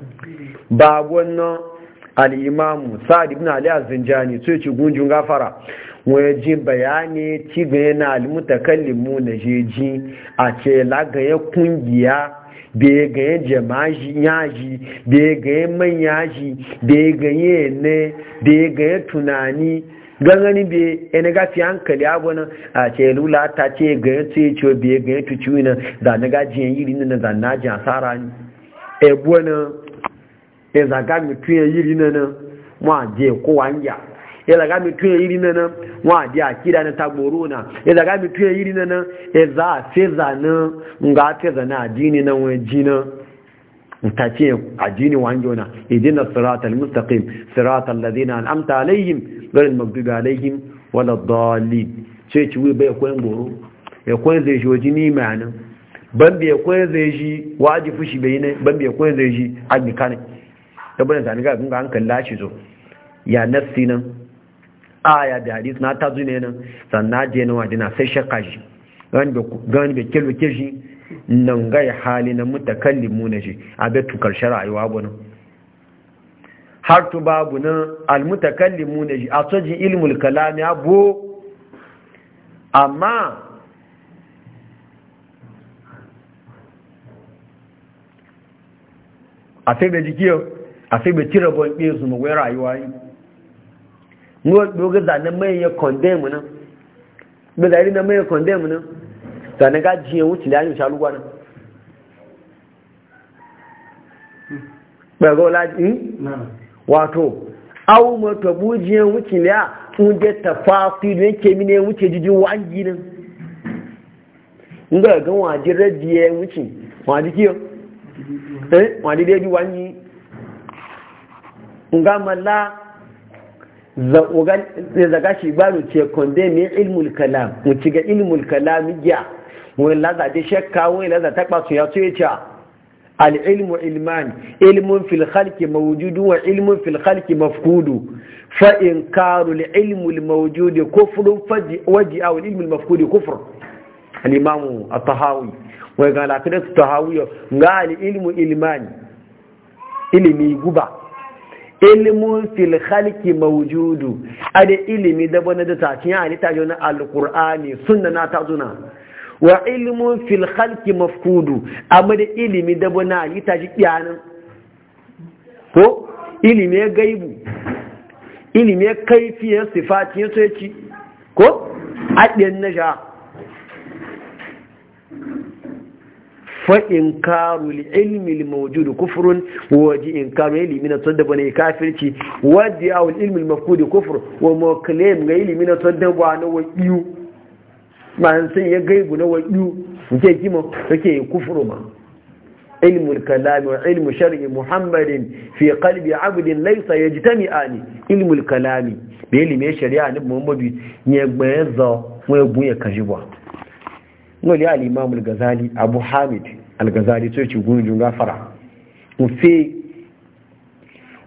ba gwanna al-imam Sa'd ibn Ali az-Zinjani sai ci gunjun gafara wani ji bayani ci gane na al-mutakallimu na jeji a ce ya kungiya da ya ganye jama'i yaji da ya ganye man yaji da ya ganye ne da ya ganye tunani gangani be ene gafi hankali abona a ce lula ta ce ganye ce ce be ga tuciwi na da na ga gajiyan yiri na da na ji asara ni ẹ̀bọ́ na ẹ̀zàgá zaga tún ya na na àjẹ́ je kowa ń yà zaga mi tún na na ma je a ní na tagboro na ya zaga mutum ya yiri na na ya za a feza na nga feza na addini na wani jina mutace addini wani yona idina siratal mustaqim siratal ladina al'amta alaihim garin magdubi ban biya kwaye zai shi, waji fushi bai ne ban biya kwaye zai shi, an yi kane bane zani ga ga hankali lashi zo ya nafsi nan ya da hadis na ta zune nan sannan je nan na, sai shakka shi gani bai kelo ke shi nan gai hali na mutakallimu na shi a bai tukar shara'ayi bu nan har tu babu nan almutakallimu na shi a sojin ilmul kalami abu amma a sai da jikiyar bai cire bon ɗaya su magwai rayuwa yi mai ya kondemu na mai ya kondemu ya wuce da ɓago laji wato au mato wuce da da yake mine wuce nan ga gan wajen rajiye wuce wajen kiyo eh wani dai di wani nga malla za ne zaga shi ba ce condemn ilmul kalam mu ti ga ilmul kalam ya wani laza da shakka wani laza ta kwasu ya so yace al ilmu ilman ilmun fil khalqi mawjudu wa ilmun fil khalqi mafkudu fa inkaru al ilmu ko fudu kufrun faji waji aw al ilmu al mafkudi kufr tahawi wai ga lafiya su tahawiyo ga ali ilmu ilimani ilimi guba ilimin filhalki maujudu a da ilimi daba na da ya halitta yau na Alkur'ani suna na ta zuna wa ilmun filhalki khalqi amma da ilimi daba na halitta ta ji ko ilimi gaibu ilimi kaifiyar sifatin sai ci ko na sha'a fa inkaru ilmi mawjudu kufrun in karu ilmi na tsadda ne kafirci waji a ilmi mafkudi kufur wa maklaim ga ilmi na tsadda ba na wa'iyu ma'an sun ya gaibu na wa'iyu nke kima kake kufuru ma علم الكلام وعلم شرع محمد في قلب عبد ليس يجتمعان علم الكلام بعلم ya محمد يغبن زو wani al-imam al abu hamid al gazali to ci gunjun gafara mu fi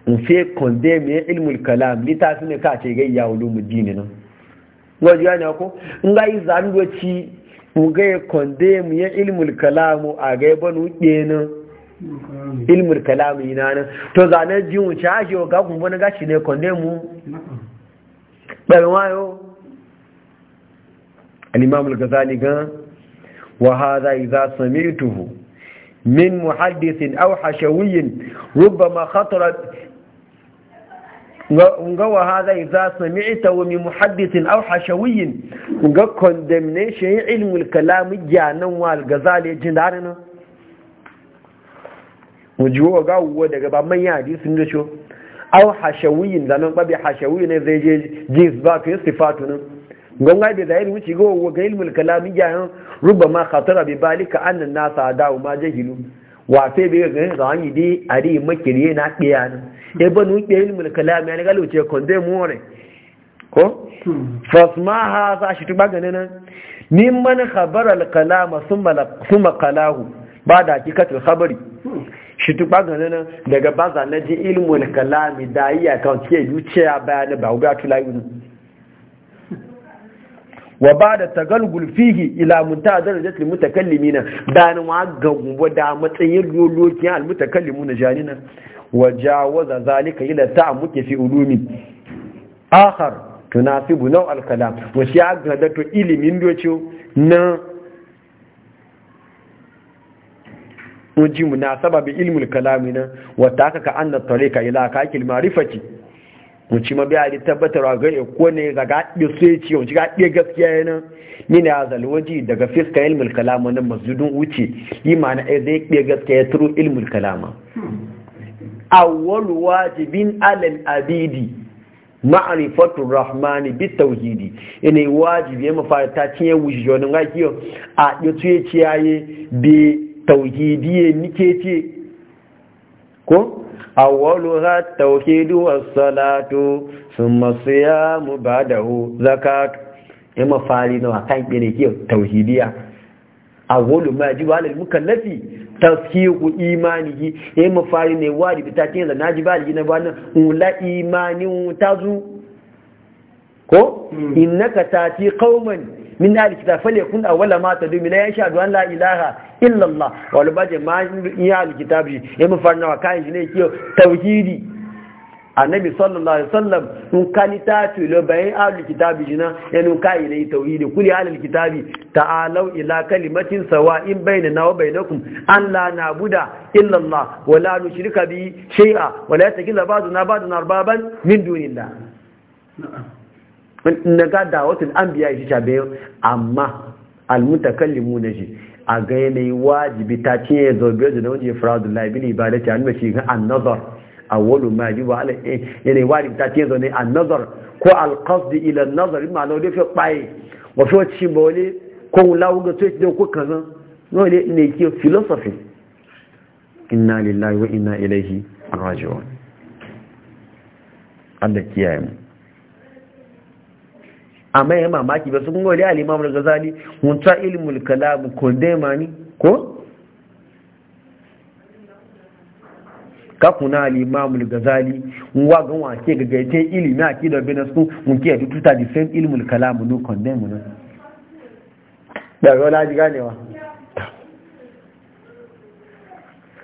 mu fi condemn ilmul kalam litafi ne ka ce gayya ulumul din nan ya yana ko ngai yi ci mu ga condemn ya ilmul kalam a ga banu dena ilmul kalam ina nan to zanan jin wuce ashe ga kumbu na gashi ne condemn ɓarwayo al-imam al gan وهذا إذا سمعته من محدث أو حشوي ربما خطرت ngawa hada idza sami'ta wa min muhaddithin aw hashawiyyin ga condemnation ilmu al-kalam janan wa al-ghazali jindarin wujuwa ga wuwa daga ba man hadisi ne sho aw hashawiyyin da nan babi hashawi ne zai je jins ba ke sifatu nan gonga bai zahiri wuce ga wa ga ilmul kalami yayin rubba ma khatara bi balika annan nasa adau ma jahilu wa sai bai ga ga an yi dai ari makiriye na kiya nan e banu ke ilmul kalami an galo ce konde more ko ha za shi tuba ga nan min man khabara al kalama thumma thumma qalahu ba da hakikatul khabari shi tuba ga nan daga baza na ji ilmul kalami da iya kan ke zuciya bayani ba ga tulayu wa ba da tagalgul fihi ila munta darajat lil mutakallimin dan wa ga gubo da matsayin lolokin al na janina wa jawaza zalika ila muke fi ulumi akhar tunasibu naw al kalam wa shi ga da to ilimin docho na uji na bi ilmul kalamina wa taka ka anna tariqa ila ka ma'rifati wuce ma biya da a ga ya kone ga gaɗe sai ce wuce gaɗe gaskiya nan nina ya zalwaji daga fiska ilmul kalama na masjidun wuce yi mana ɗaya zai ɗaya gaskiya ya turu ilmul kalama awwal wajibin alal abidi ma'rifatu rahmani bi tauhidi ene wajibi ya ta cinye wuce wani ga kiyo a yato ya ciyaye bi tauhidi ya nike ce ko awwaluha tauhidu was-salatu thumma siyamu ba'dahu zakat ima fari na kan kire ki tauhidiya awwalu ma yajibu 'ala al-mukallafi tashihu imanihi ima fari ne wajibi ta kin da najiba na bana ula imani tazu ko innaka tati qauman min ahli kitab falyakun awwala ma tadu min yashhadu an la ilaha illallah wani baje ma ya alkitab shi ya mu farna wa kayan shi ne ke tauhidi annabi sallallahu alaihi wasallam in kani ta tulo bayan alkitab shi na ya nun kai ne tauhidi kuli alkitab ta'alu ila kalimatin sawa'in bainana wa bainakum an la na'budu illallah wa la nushrika bi shay'a wa la yatakilla ba'duna ba'duna arbaban min dunillah na ga dawatul anbiya shi shabe amma almutakallimu da shi a ga yanayin wajibi ta ce ya zobe da na wajen faradu laibin ibadati an mace ga annazar a wani ma yi wa eh, yanayi wajibi ta ce ya annazar ko alkasdi ila nazar ma na wani fi kpaye wafi wacce ba wani ko wula wuga to ya ko kaza na wani ne ke filosofi inna lillahi wa inna ilaihi Allah kiyaye mu amma ya mamaki ba su kun gode gazali? imam al-ghazali mun ta ilimul kalamu ko dai mani ko ka kuna al-imam al-ghazali wa gan wa ke ga gaite ilimi a kidan bin su mun ke tuta di same ilimul kalamu no condemn no da ga laji ganewa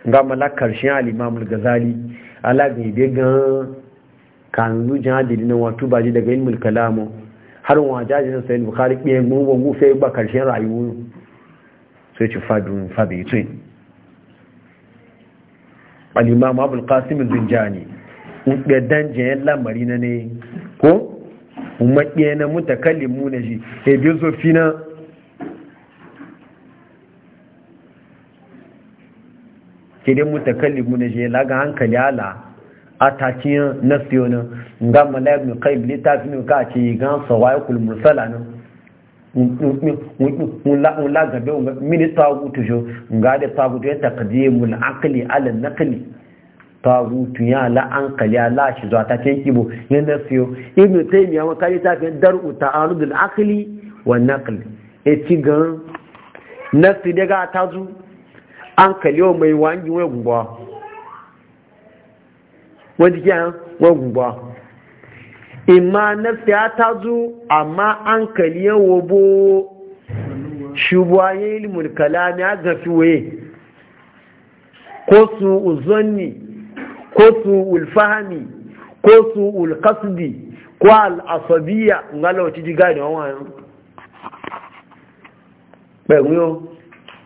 ga malakar shi al-imam al-ghazali ala ga bi gan kan lu jadi na wato baji daga ilimul kalamu har wajajin sayin bukari ɓe gbogbo gufe ba karshen rayuwa sai ci fadin fabi tun al'imam abul qasim zunjani dan jiyan lamari na ne ko maɗiya na mutakallimu na shi e biyu sofi na ke dai muna na shi ya laga hankali ala atakiyan na fiyonin ga malayar mai kai ta fi mai ka ce gan sawaye kulmursala nan wula gabe mini tagutu shi ga da tagutu ya takadiye mul akali ala nakali tagutu ya la ankali ala shi zuwa ta cikin kibo ya na fiyo ibn yi ma kai ta fi dar'u ta'arudul akali wa nakali Ya e ci gan nafi daga an ankali mai wangi wai gungwa wọ́n ti kí à wọ́n gùn bọ́ ìmá ta zo amma an kaliyan wabo shubuwayen yi kalami a gafi waye ko su uzonni ko su ulfahami ko su ulkasdi ko al'asabiya ngalawaci jiga da wawan ɓayin yau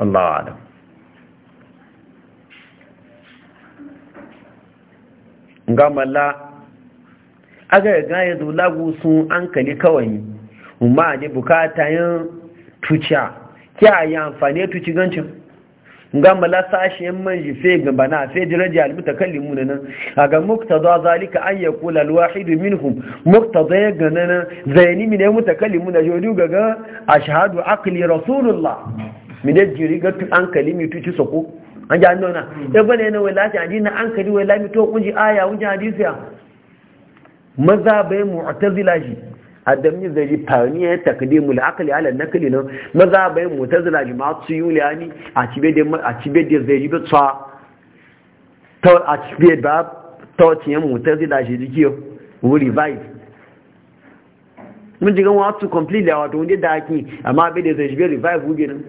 Allah wa'adam gamala aga ga ya zo lagu sun an kali kawai umma ne bukata yin tuciya kya yi amfani tuci gancin gamala sashen man ji fe gaba na fe diraji albuta kallimu na nan a ga muktada zalika an ya kula alwahidu minhum muktada ya gana nan zaini mine muta kallimu na jodu gaga shahadu akali rasulullah mine jiri ga an kalimi tuci sako an ji an nuna ya bane yana wai lafi aji na an kari wai lami to kunji aya wuce hadisi ya maza bai mu'tazila shi adam ne zai fani ya takdimul aqli ala nakli no maza bai mu'tazila shi ma su yuliani a cibe da a cibe da zai yi tsa to a cibe ba to tiyan mu'tazila shi dikiyo wuri bai mun jigan wasu completely wato wanda da haki amma bai da zai shi revive wuge nan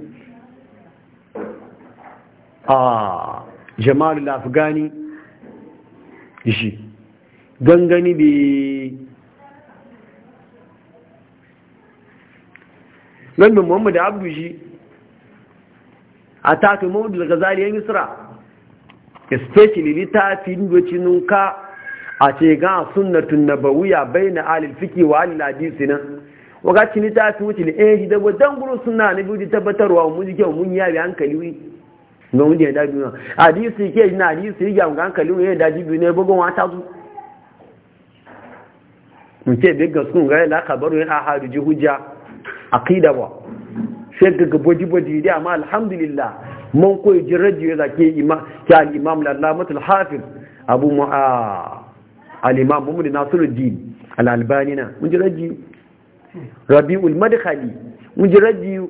a jamalul afghani shi gangani da gandun Muhammadu abdu shi a tafi mawudul gazari ya misra especially littafin gocinin nunka a ce ga sunnatun nabawiya baina alil fiki wa alil hadisi nan wakacin littafin wuce da eh da wadan suna na biyu tabbatarwa mun ji mun yari hankali ga wanda ya dabi nan hadisi ke na hadisi ya ga hankali wanda ya dabi biyu ne bugun wata zu muke bi ga sun ga la kabaru ya ahadu ji hujja aqida ba sai ga boji boji dai amma alhamdulillah mun koyi ji rajiyo zake imam ki al imam lallamatul hafiz abu mu'a al imam muhammad nasiruddin al albani na mun ji rajiyo hmm. rabiul madkhali mun ji rajiyo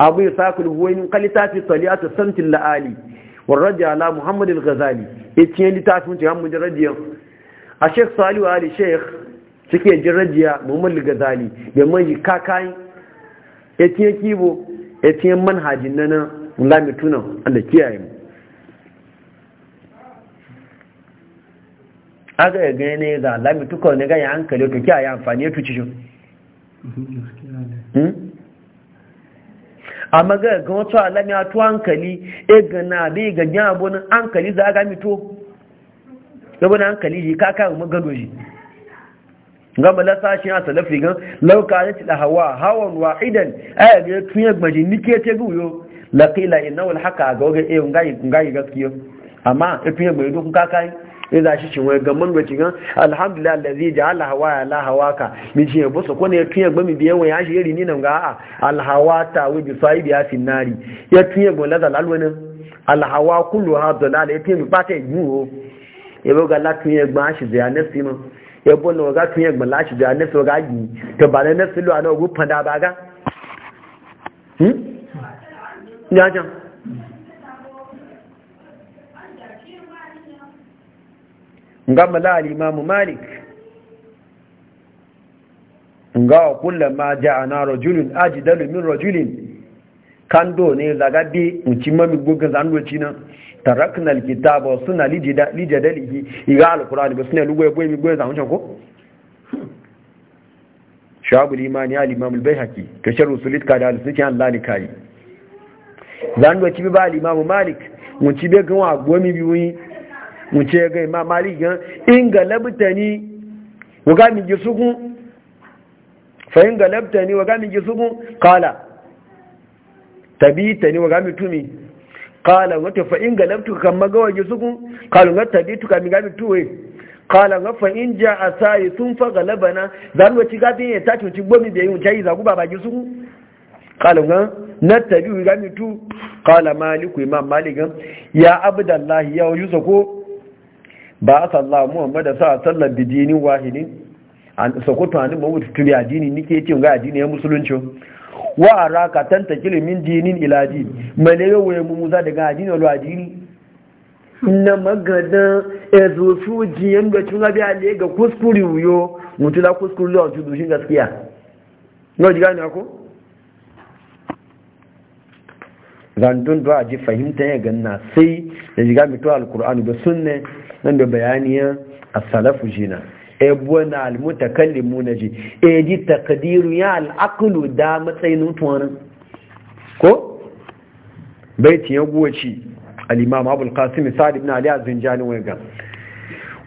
abu ya sakul huwaini kan littafi saliyatu samtin la'ali warraji ala muhammad Gazali, ghazali ya ciye littafin cikin hamdu radiyar a sheikh salihu ali sheikh suke jin rajiya muhammad al-ghazali da mai kakai ya ciye kibo ya ciye manhajin nana lamituna allah kiyaye mu aga ya gane ga lamitukon ne ga ya hankali to kiyaye amfani ya tuci shi amma ga ga wasu alami a tuwa hankali e ga na bi ga gyan abunan hankali za a ga mito gabanin hankali shi ka kayan magado shi gama na shi a salafi gan lauka ya ci da hawa hawan wa'idan aya ga tun ya gbaji nike ta guyo laƙila inawul haka ga wajen iya e, ngayi gaskiya amma ya e tun ya gbaji dukkan kakayin ne za shi cin wai gamban da cikin alhamdulillah da zai ji alhawa ya lahawa ka mi ce bu su kone ya tuye gba mi biyan wani ya shi yari ni nan ga a alhawa ta wai bi sai biya finnari ya tuye gba lazal alwani alhawa kullu ha dalala ya tuye mi ta yi yiwu ya bai ga latuye gba shi zai anesi ma ya bonna waga tuye gba lashi zai anesi waga yi ta ba na nesi lo ana ogun fada ba ga? Hmm? Ya jan. nga mala al-imam malik nga kullama ja'ana rajulun ajdalu min rajulin kando ne zagabi mutum mami gogon zandoci nan tarakna alkitaba suna lijadalihi iga alkurani ba suna lugoye goye goye zamuncin ko shabu limani ya limamul bai haki ka shirin sulit ka da alisukin allah lani kayi zandoci bi ba limamu malik mutum bai gawa gomi wuyi mu ce ga imam malik yan in galabtani wa ga mi gisuku fa in galabtani wa ga mi gisuku qala tabitani wa ga mi tumi Kala wa ta fa in galabtuka kamma ga wa gisuku qala ga tabituka mi ga mi tuwe kala nga fa in ja asai sun fa galabana zan wati gabi ya ta cuci gomi da yin tayi zagu baba gisu kala nga na tabi wi gami tu kala maliku imam malikan ya abdullah ya yusa ko ba a salla muhammad da sa sallar bidini wahidin an sakutu an mu a addini nike ce ga addini ya musulunci wa raka tanta kilimin dinin ilaji mai yau wuyan muza daga addini wal addini na magana ya zo su jiyan da tun abi a ga kuskuri wuyo mutula kuskuri lo tudu shi gaskiya no diga ne ko zandun da a ji fahimta ya ganna sai da shiga mito alkur'anu da sunne nan da bayaniya a salafu jina ebuwan na almuta na ji e ji takadiru ya al'akulu da matsayin mutuwanin ko baitin ya guwaci al'imam abul qasim sa'ad ibn ali az-zinjani wai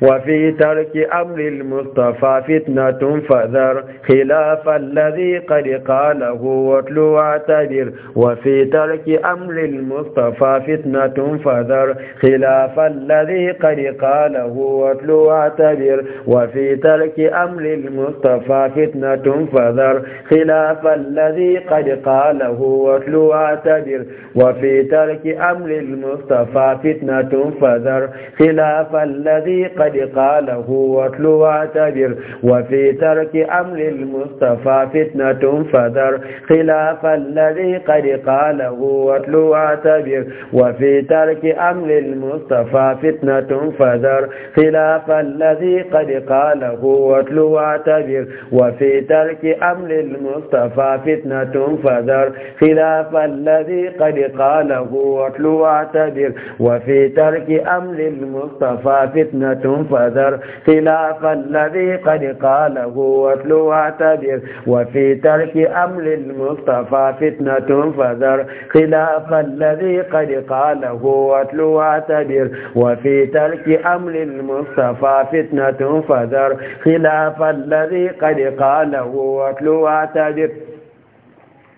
وفي ترك أمر المصطفى فتنة فذر خلاف الذي قد قاله واتلو واعتبر وفي ترك أمر المصطفى فتنة فذر خلاف الذي قد قاله واتلو واعتبر وفي ترك أمر المصطفى فتنة فذر خلاف الذي قد قاله واتلو واعتبر وفي ترك أمر المصطفى فتنة فذر خلاف الذي قد قد قاله واتلو واعتبر وفي ترك أمر المصطفى فتنة فذر خلاف الذي قد قاله واتلو واعتبر وفي ترك أمر المصطفى فتنة فذر خلاف الذي قد قاله واتلو واعتبر وفي ترك أمر المصطفى فتنة فذر خلاف الذي قد قاله واتلو واعتبر وفي ترك أمر المصطفى فتنة فتن فذر خلاف الذي قد قاله واتل واعتبر وفي ترك أمر المصطفى فتنة فذر خلاف الذي قد قاله واتل واعتبر وفي ترك أمر المصطفى فتنة فذر خلاف الذي قد قاله واتل واعتبر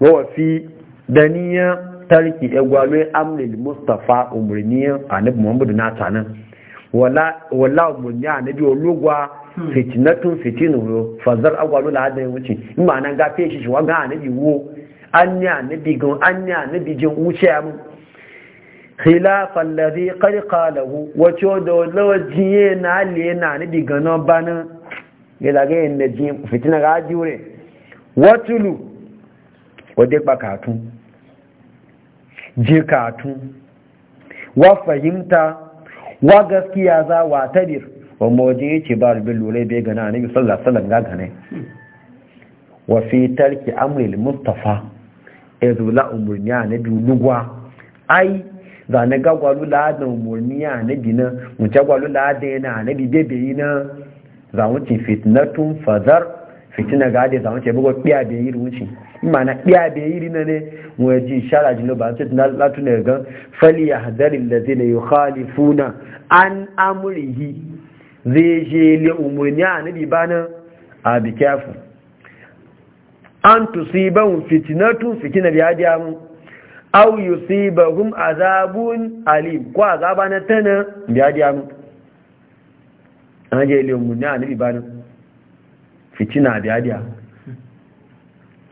هو في دنيا ترك إغوالي أمر المصطفى أمرنيا أنا ابن محمد ناتانا wala munya na biyo lugwa hmm. fitinatun fitinu yo fazar agwalu la hadin wuce in ma nan ga feshi shi wanga bi wo anya nabi gun anya bi jin wuce mu khilaf alladhi qad qalahu wa chodo lawajiye na le na bi gano bana ya daga yin da jin fitina ga jure watulu pa katun. je katun wa fahimta wa gaskiya za wa tabir wa mawajin ce ba rubin lura bai gana ne sallallahu alaihi wasallam ga gane wa fi tarki amril mustafa ezula na annabi lugwa ai za na ga gwalu ladan umurni annabi na mu gagwalu gwalu ladan yana annabi bebe yi na za mu ci fitnatun fazar fitina gade za mu ce bugo biya bai yi mana biya bai yi rina ne waje shara jino ba sai na latuna ga fali ya hadari zai na yi khalifuna an amurihi zai je le umarni a nabi na a bi kyafu an tusibahum fitnatun au bi si ba yusibahum azabun alim ko azaba na tana bi mu. an je le umarni a nabi na fitina bi hadiyamu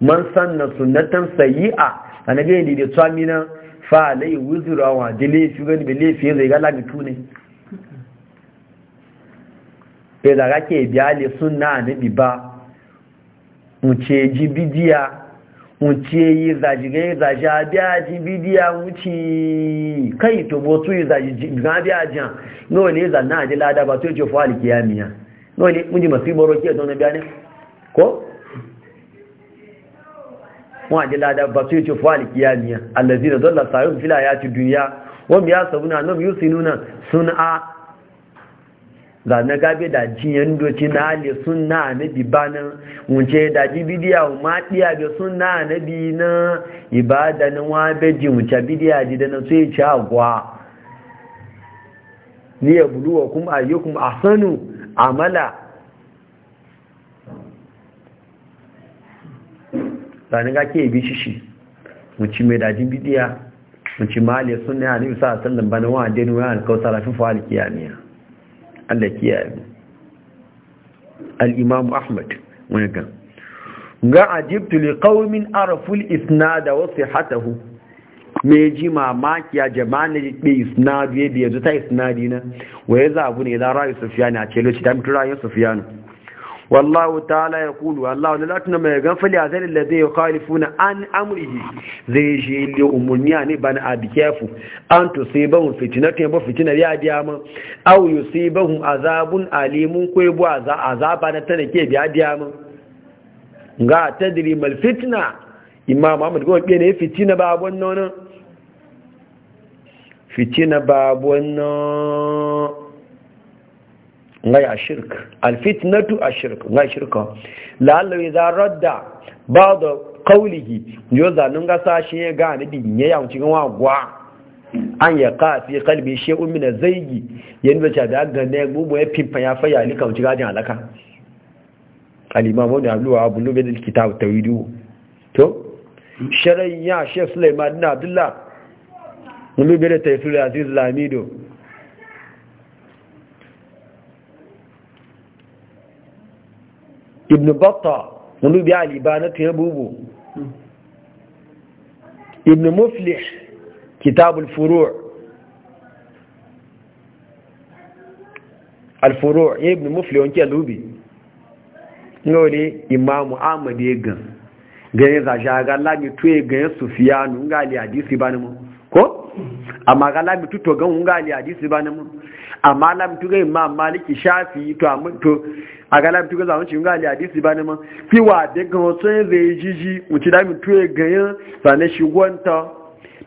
man sanna sunnatan sayyi'a annabi ne da tsami na fa alai wuzura wa dile shi gani be lefi zai ga lagi tune e da kake biya le sunna annabi ba mu ce ji bidiya mu ce yi zaji ga zaji biya ji bidiya mu ci kai to bo tu yi zaji ga biya jan no ne zanna ji lada ba to ce fa alkiyamiya no ne mun ji masibaro ke don biya ne ko wa ji lada ba su yace fa alkiyamiya allazina dalla sa'un fil hayati dunya wa biya sabuna nam yusinuna sun'a da na gabe da jiyan doci na ale sunna na bibanin wuce da ji bidiya ma diya be sun na bi na ibada na wa be ji wuce bidiya ji da na so yace agwa liyabluwakum ayyukum ahsanu amala ranar ga ke bi shishi muci mai dajin bidiya muci mali sun ne hannu sa sallan na wa adini wa alkausa rafi fa'al kiyamiya Allah kiyaye al'imamu ahmad wani gan ga ajibtu li kawomin arafu isna da wasu hatahu me ji mamaki ya jama'an ji bi isnadu yadda yanzu ta isna dina. wa ya zabu ne da rayu sufyan a ce lokaci da mutu rayu sufyan wallahu ta'ala ya kulu Allah da latin mai ganfali a zarin da zai yi khalifuna an amurji zai shi ne umarni a ne bana abi kefu an to sai bahun fitina ta yaba fitina ya biya ma au sai bahun azabun alimun kwai bu azaba na tana ke biya biya ma ga ta diri mal fitina imam ahmad gwa ke ne fitina ba wannan fitina ba wannan ngai ashirk alfitnatu ashirk ngai shirka lalla idza radda ba'd qawlihi yoza nunga sashi ga ni din ya yawanci ga wagwa an ya ka fi qalbi shay'un min azaygi yan bace da ga ne gubo ya fimfa ya faya lika wuci gajin alaka al-imam ibn abdullah abu lubid al-kitab tawidu to sharayya shaykh sulaiman ibn abdullah mun bi da tafsir aziz lamido ibn batta wani biya alibana ta yabubu ibn muflih kitab al-furu' al-furu' ibn muflih wanke alubi ngole imamu ahmad ya gan ganye za shaga lami tuye ganye sufiyanu ngali hadisi bani mu ko amma ga lamitu to gan wunga ali hadisi ba namu amma lamitu ga imam maliki shafi to to a ga lamitu ga zamu ci wunga ali hadisi ba namu ki wa de gan so yin zai jiji mu ci lamitu e gan sane shi gwanta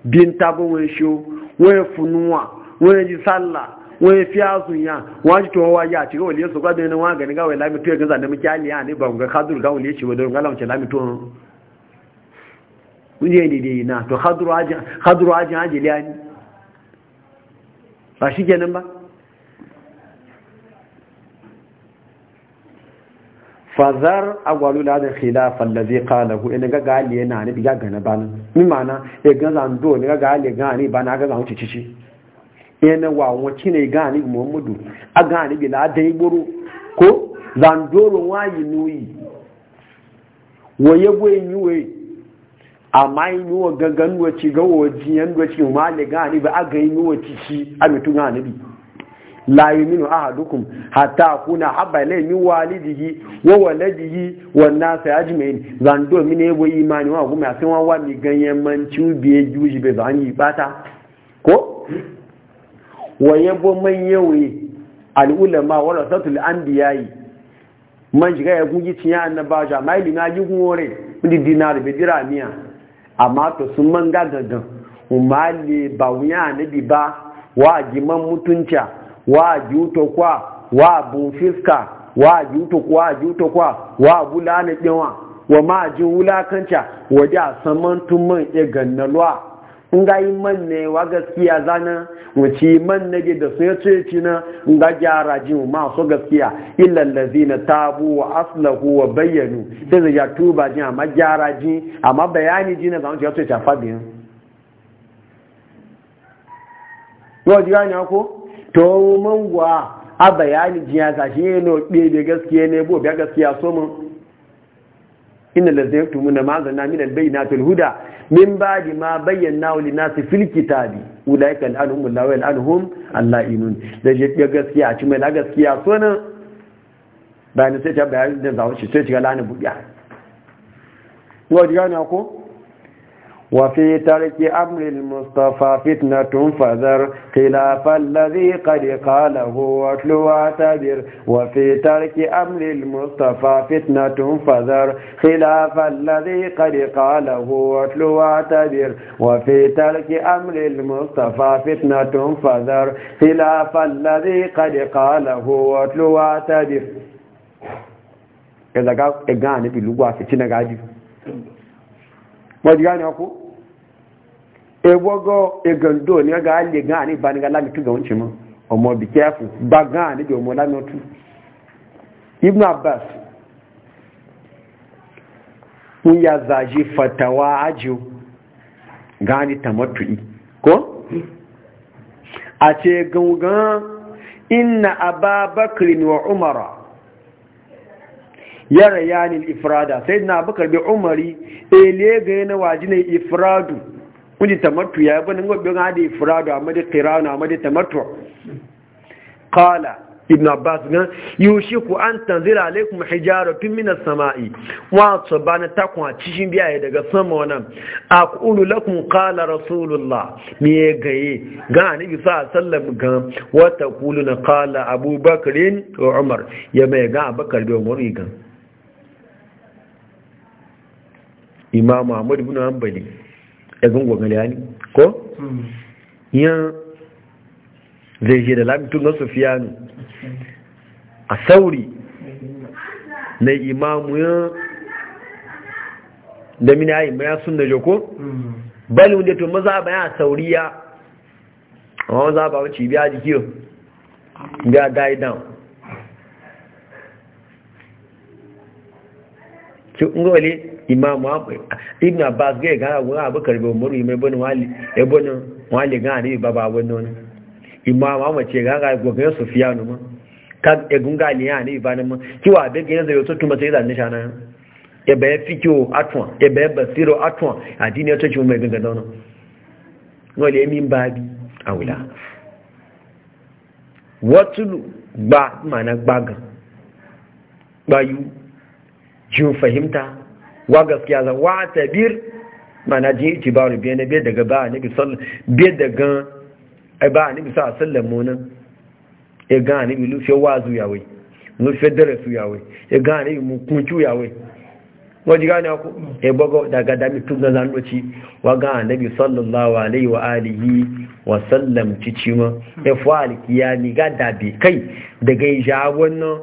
bin tabo wen sho wen funuwa wen ji sallah wen fi azun ya wan ji to wa ya ci ga wali so ga de ne wa ga ni ga wai lamitu e gan zane mu ki ali ya ne ba mu ga kadur ga wali ci wa don ga lamitu lamitu ne dai na to hadru ajin ajiliya ne ba shi kenan ba fazar na da khilafan da zai kala ku ina ga gali yana ne biga gana ba nan mi mana ya e ga zan do ne ga gali ga gani ba na gaza wuce cici ina wa wacce ne gani mu muhammadu a gani ni bila da igboro ko zan wayi nuyi waye yi wai? amma yi wa gangan wace ga waje yan wace ma le gani ba aga yi wace shi a mutum hanabi la yuminu ahadukum hatta kuna habba ilay min walidihi wa waladihi wan nas ajma'in zan do mine bo imani wa kuma sai wa mi ganyen manci biye juji be zan yi bata ko waye bo man yawe al ulama biya yi man shiga ya guji tiya annabawa jama'i lina ji gore ndi dinar be miya. amma to sun man gagagan umali ba wuya bi ba wa jiman mutunca wa juto kwa wa bun fiska wa juto kwa juto kwa wa bulana dinwa wa ma ji wulakanca waje a saman tun man ya gannalwa in ga yi man ne wa gaskiya zana wuce man na da su ya ce ci na in ga gyara ji masu gaskiya illal na tabu wa aslahu wa bayyanu sai zai ya tuba ji amma gyara ji amma bayani ji na zama ce ya ce ta fabiyan yau ji gani ko to mangwa a bayani ji ya sashi ne no be gaskiya ne bu biya gaskiya so mun inna lazai tumu na ma'azan na minal bayyana tulhuda min ba di ma bayyana wa linasi fil kitabi ulaika al'anhum wallahi wa allah inun da je ga gaskiya a mai la gaskiya so nan bayan sai ta bayani da zawo shi sai ci ga lana buya wa diga na ko وفي ترك أمر المصطفى فتنة فذر خلاف الذي قد قاله واتل واعتبر وفي ترك أمر المصطفى فتنة فذر خلاف الذي قد قاله واتل واعتبر وفي ترك أمر المصطفى فتنة فذر خلاف الذي قد قاله واتل واعتبر إذا قال إغاني في لغة فتنة قاعدة wajen gane ku ebogo egando ga alle ga ní ba ni ga lami tu ga wunci mu omo be careful ba ọmọ ni de omo lami tu ibn abbas fatawa ajo gani tamattu'i ko umara ya rayanil ifrada sai na bakar bi umari ele eh, ga yana wajine ifradu kuni tamattu ya bani gobe ga da ifradu amma da qirana amma da tamattu qala ibn abbas ga yushiku an tanzila alaikum hijaratun min as-sama'i wa tsabana takwa cikin biya daga sama wannan aqulu lakum qala rasulullah ga gaye ga annabi sallallahu ga wa taquluna qala abubakar wa umar ya mai ga abubakar da umar ga imamu muhammad ibn hanbali ya gungo galiyani ko yan zai je da lamitun na sufiyanu a sauri na imamu yan da mini ayi maya sun da joko bali wanda to maza ba ya sauriya amma maza ba wacce biya jikiyo biya die down ki ungole imam ibn abbas ga ga ga abubakar bin umar mai bin wali e bin wali ga ne baba wannan imam amma ce ga ga gobe sufyan mu ka e gunga ne ya ne ba nan mu kiwa be ga zai to tuma sai da nishana e be fikio atwa e be basiro atwa adini to ci mu watulu gba mana bayu fahimta wa gaskiya zan wa tabir mana ji itibaru biya na biya daga ba nabi sallallahu biya daga a ba nabi sallallahu alaihi wasallam nan ya ga nabi lufe wazu yawe lufe darasu yawe ya ga nabi mu kuncu yawe waji gane ku ya bago daga dami tun zan zandoci wa ga nabi sallallahu alaihi wa alihi wa sallam ma ya fa ni ga dabi kai daga ijabon nan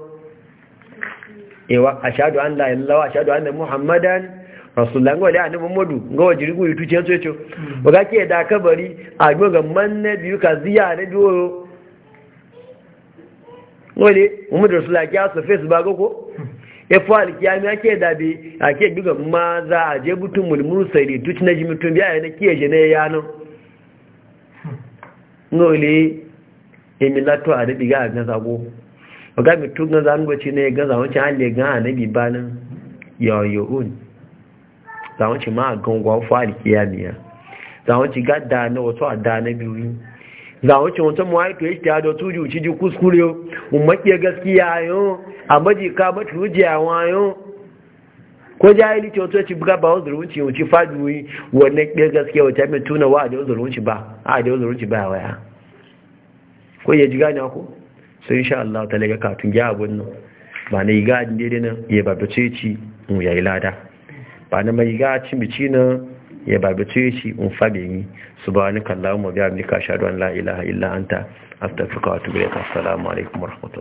ewa ashadu an la ilaha ashadu anna muhammadan rasulullah ngole annabi muhammadu ngawa jirigu yitu ce ce ce waga ke da kabari a ga manne biyu ka ziya da biyo ngole muhammadu rasulullah ya so face ba goko e ya fa alkiyami ake da bi ake duga ma za a je butun mulmuru sai tuci na jimi tun biya ne kiye je ne yanan ngole emi lato a da diga a gan sago ga mitu na zangoci ne ga zawancin halle ga annabi banin yayoyun zawancin ma a gangwa fari kiyamiya zawancin ga da na wato a da na biyu zawancin wata muhaifu ya ta da tuju ci ji kuskure umarki gaskiya yo a majika mata rujiyawa yo ko jahilci wato ci buga ba wanzu rumunci wuce faduwi wannan ɗaya gaskiya wata mai tuna wa a da wanzu ba a da wanzu rumunci ba waya ko ya ji gane ku so insha Allah ta laga katun ya abun nan ba na yiga din dai nan ya babu ceci mu yayi lada ba na mai yiga cin bici nan ya babu ceci mu fabe ni subhanakallahumma bihamdika ashhadu an la ilaha illa anta astaghfiruka wa atubu ilaik assalamu alaikum wa rahmatullahi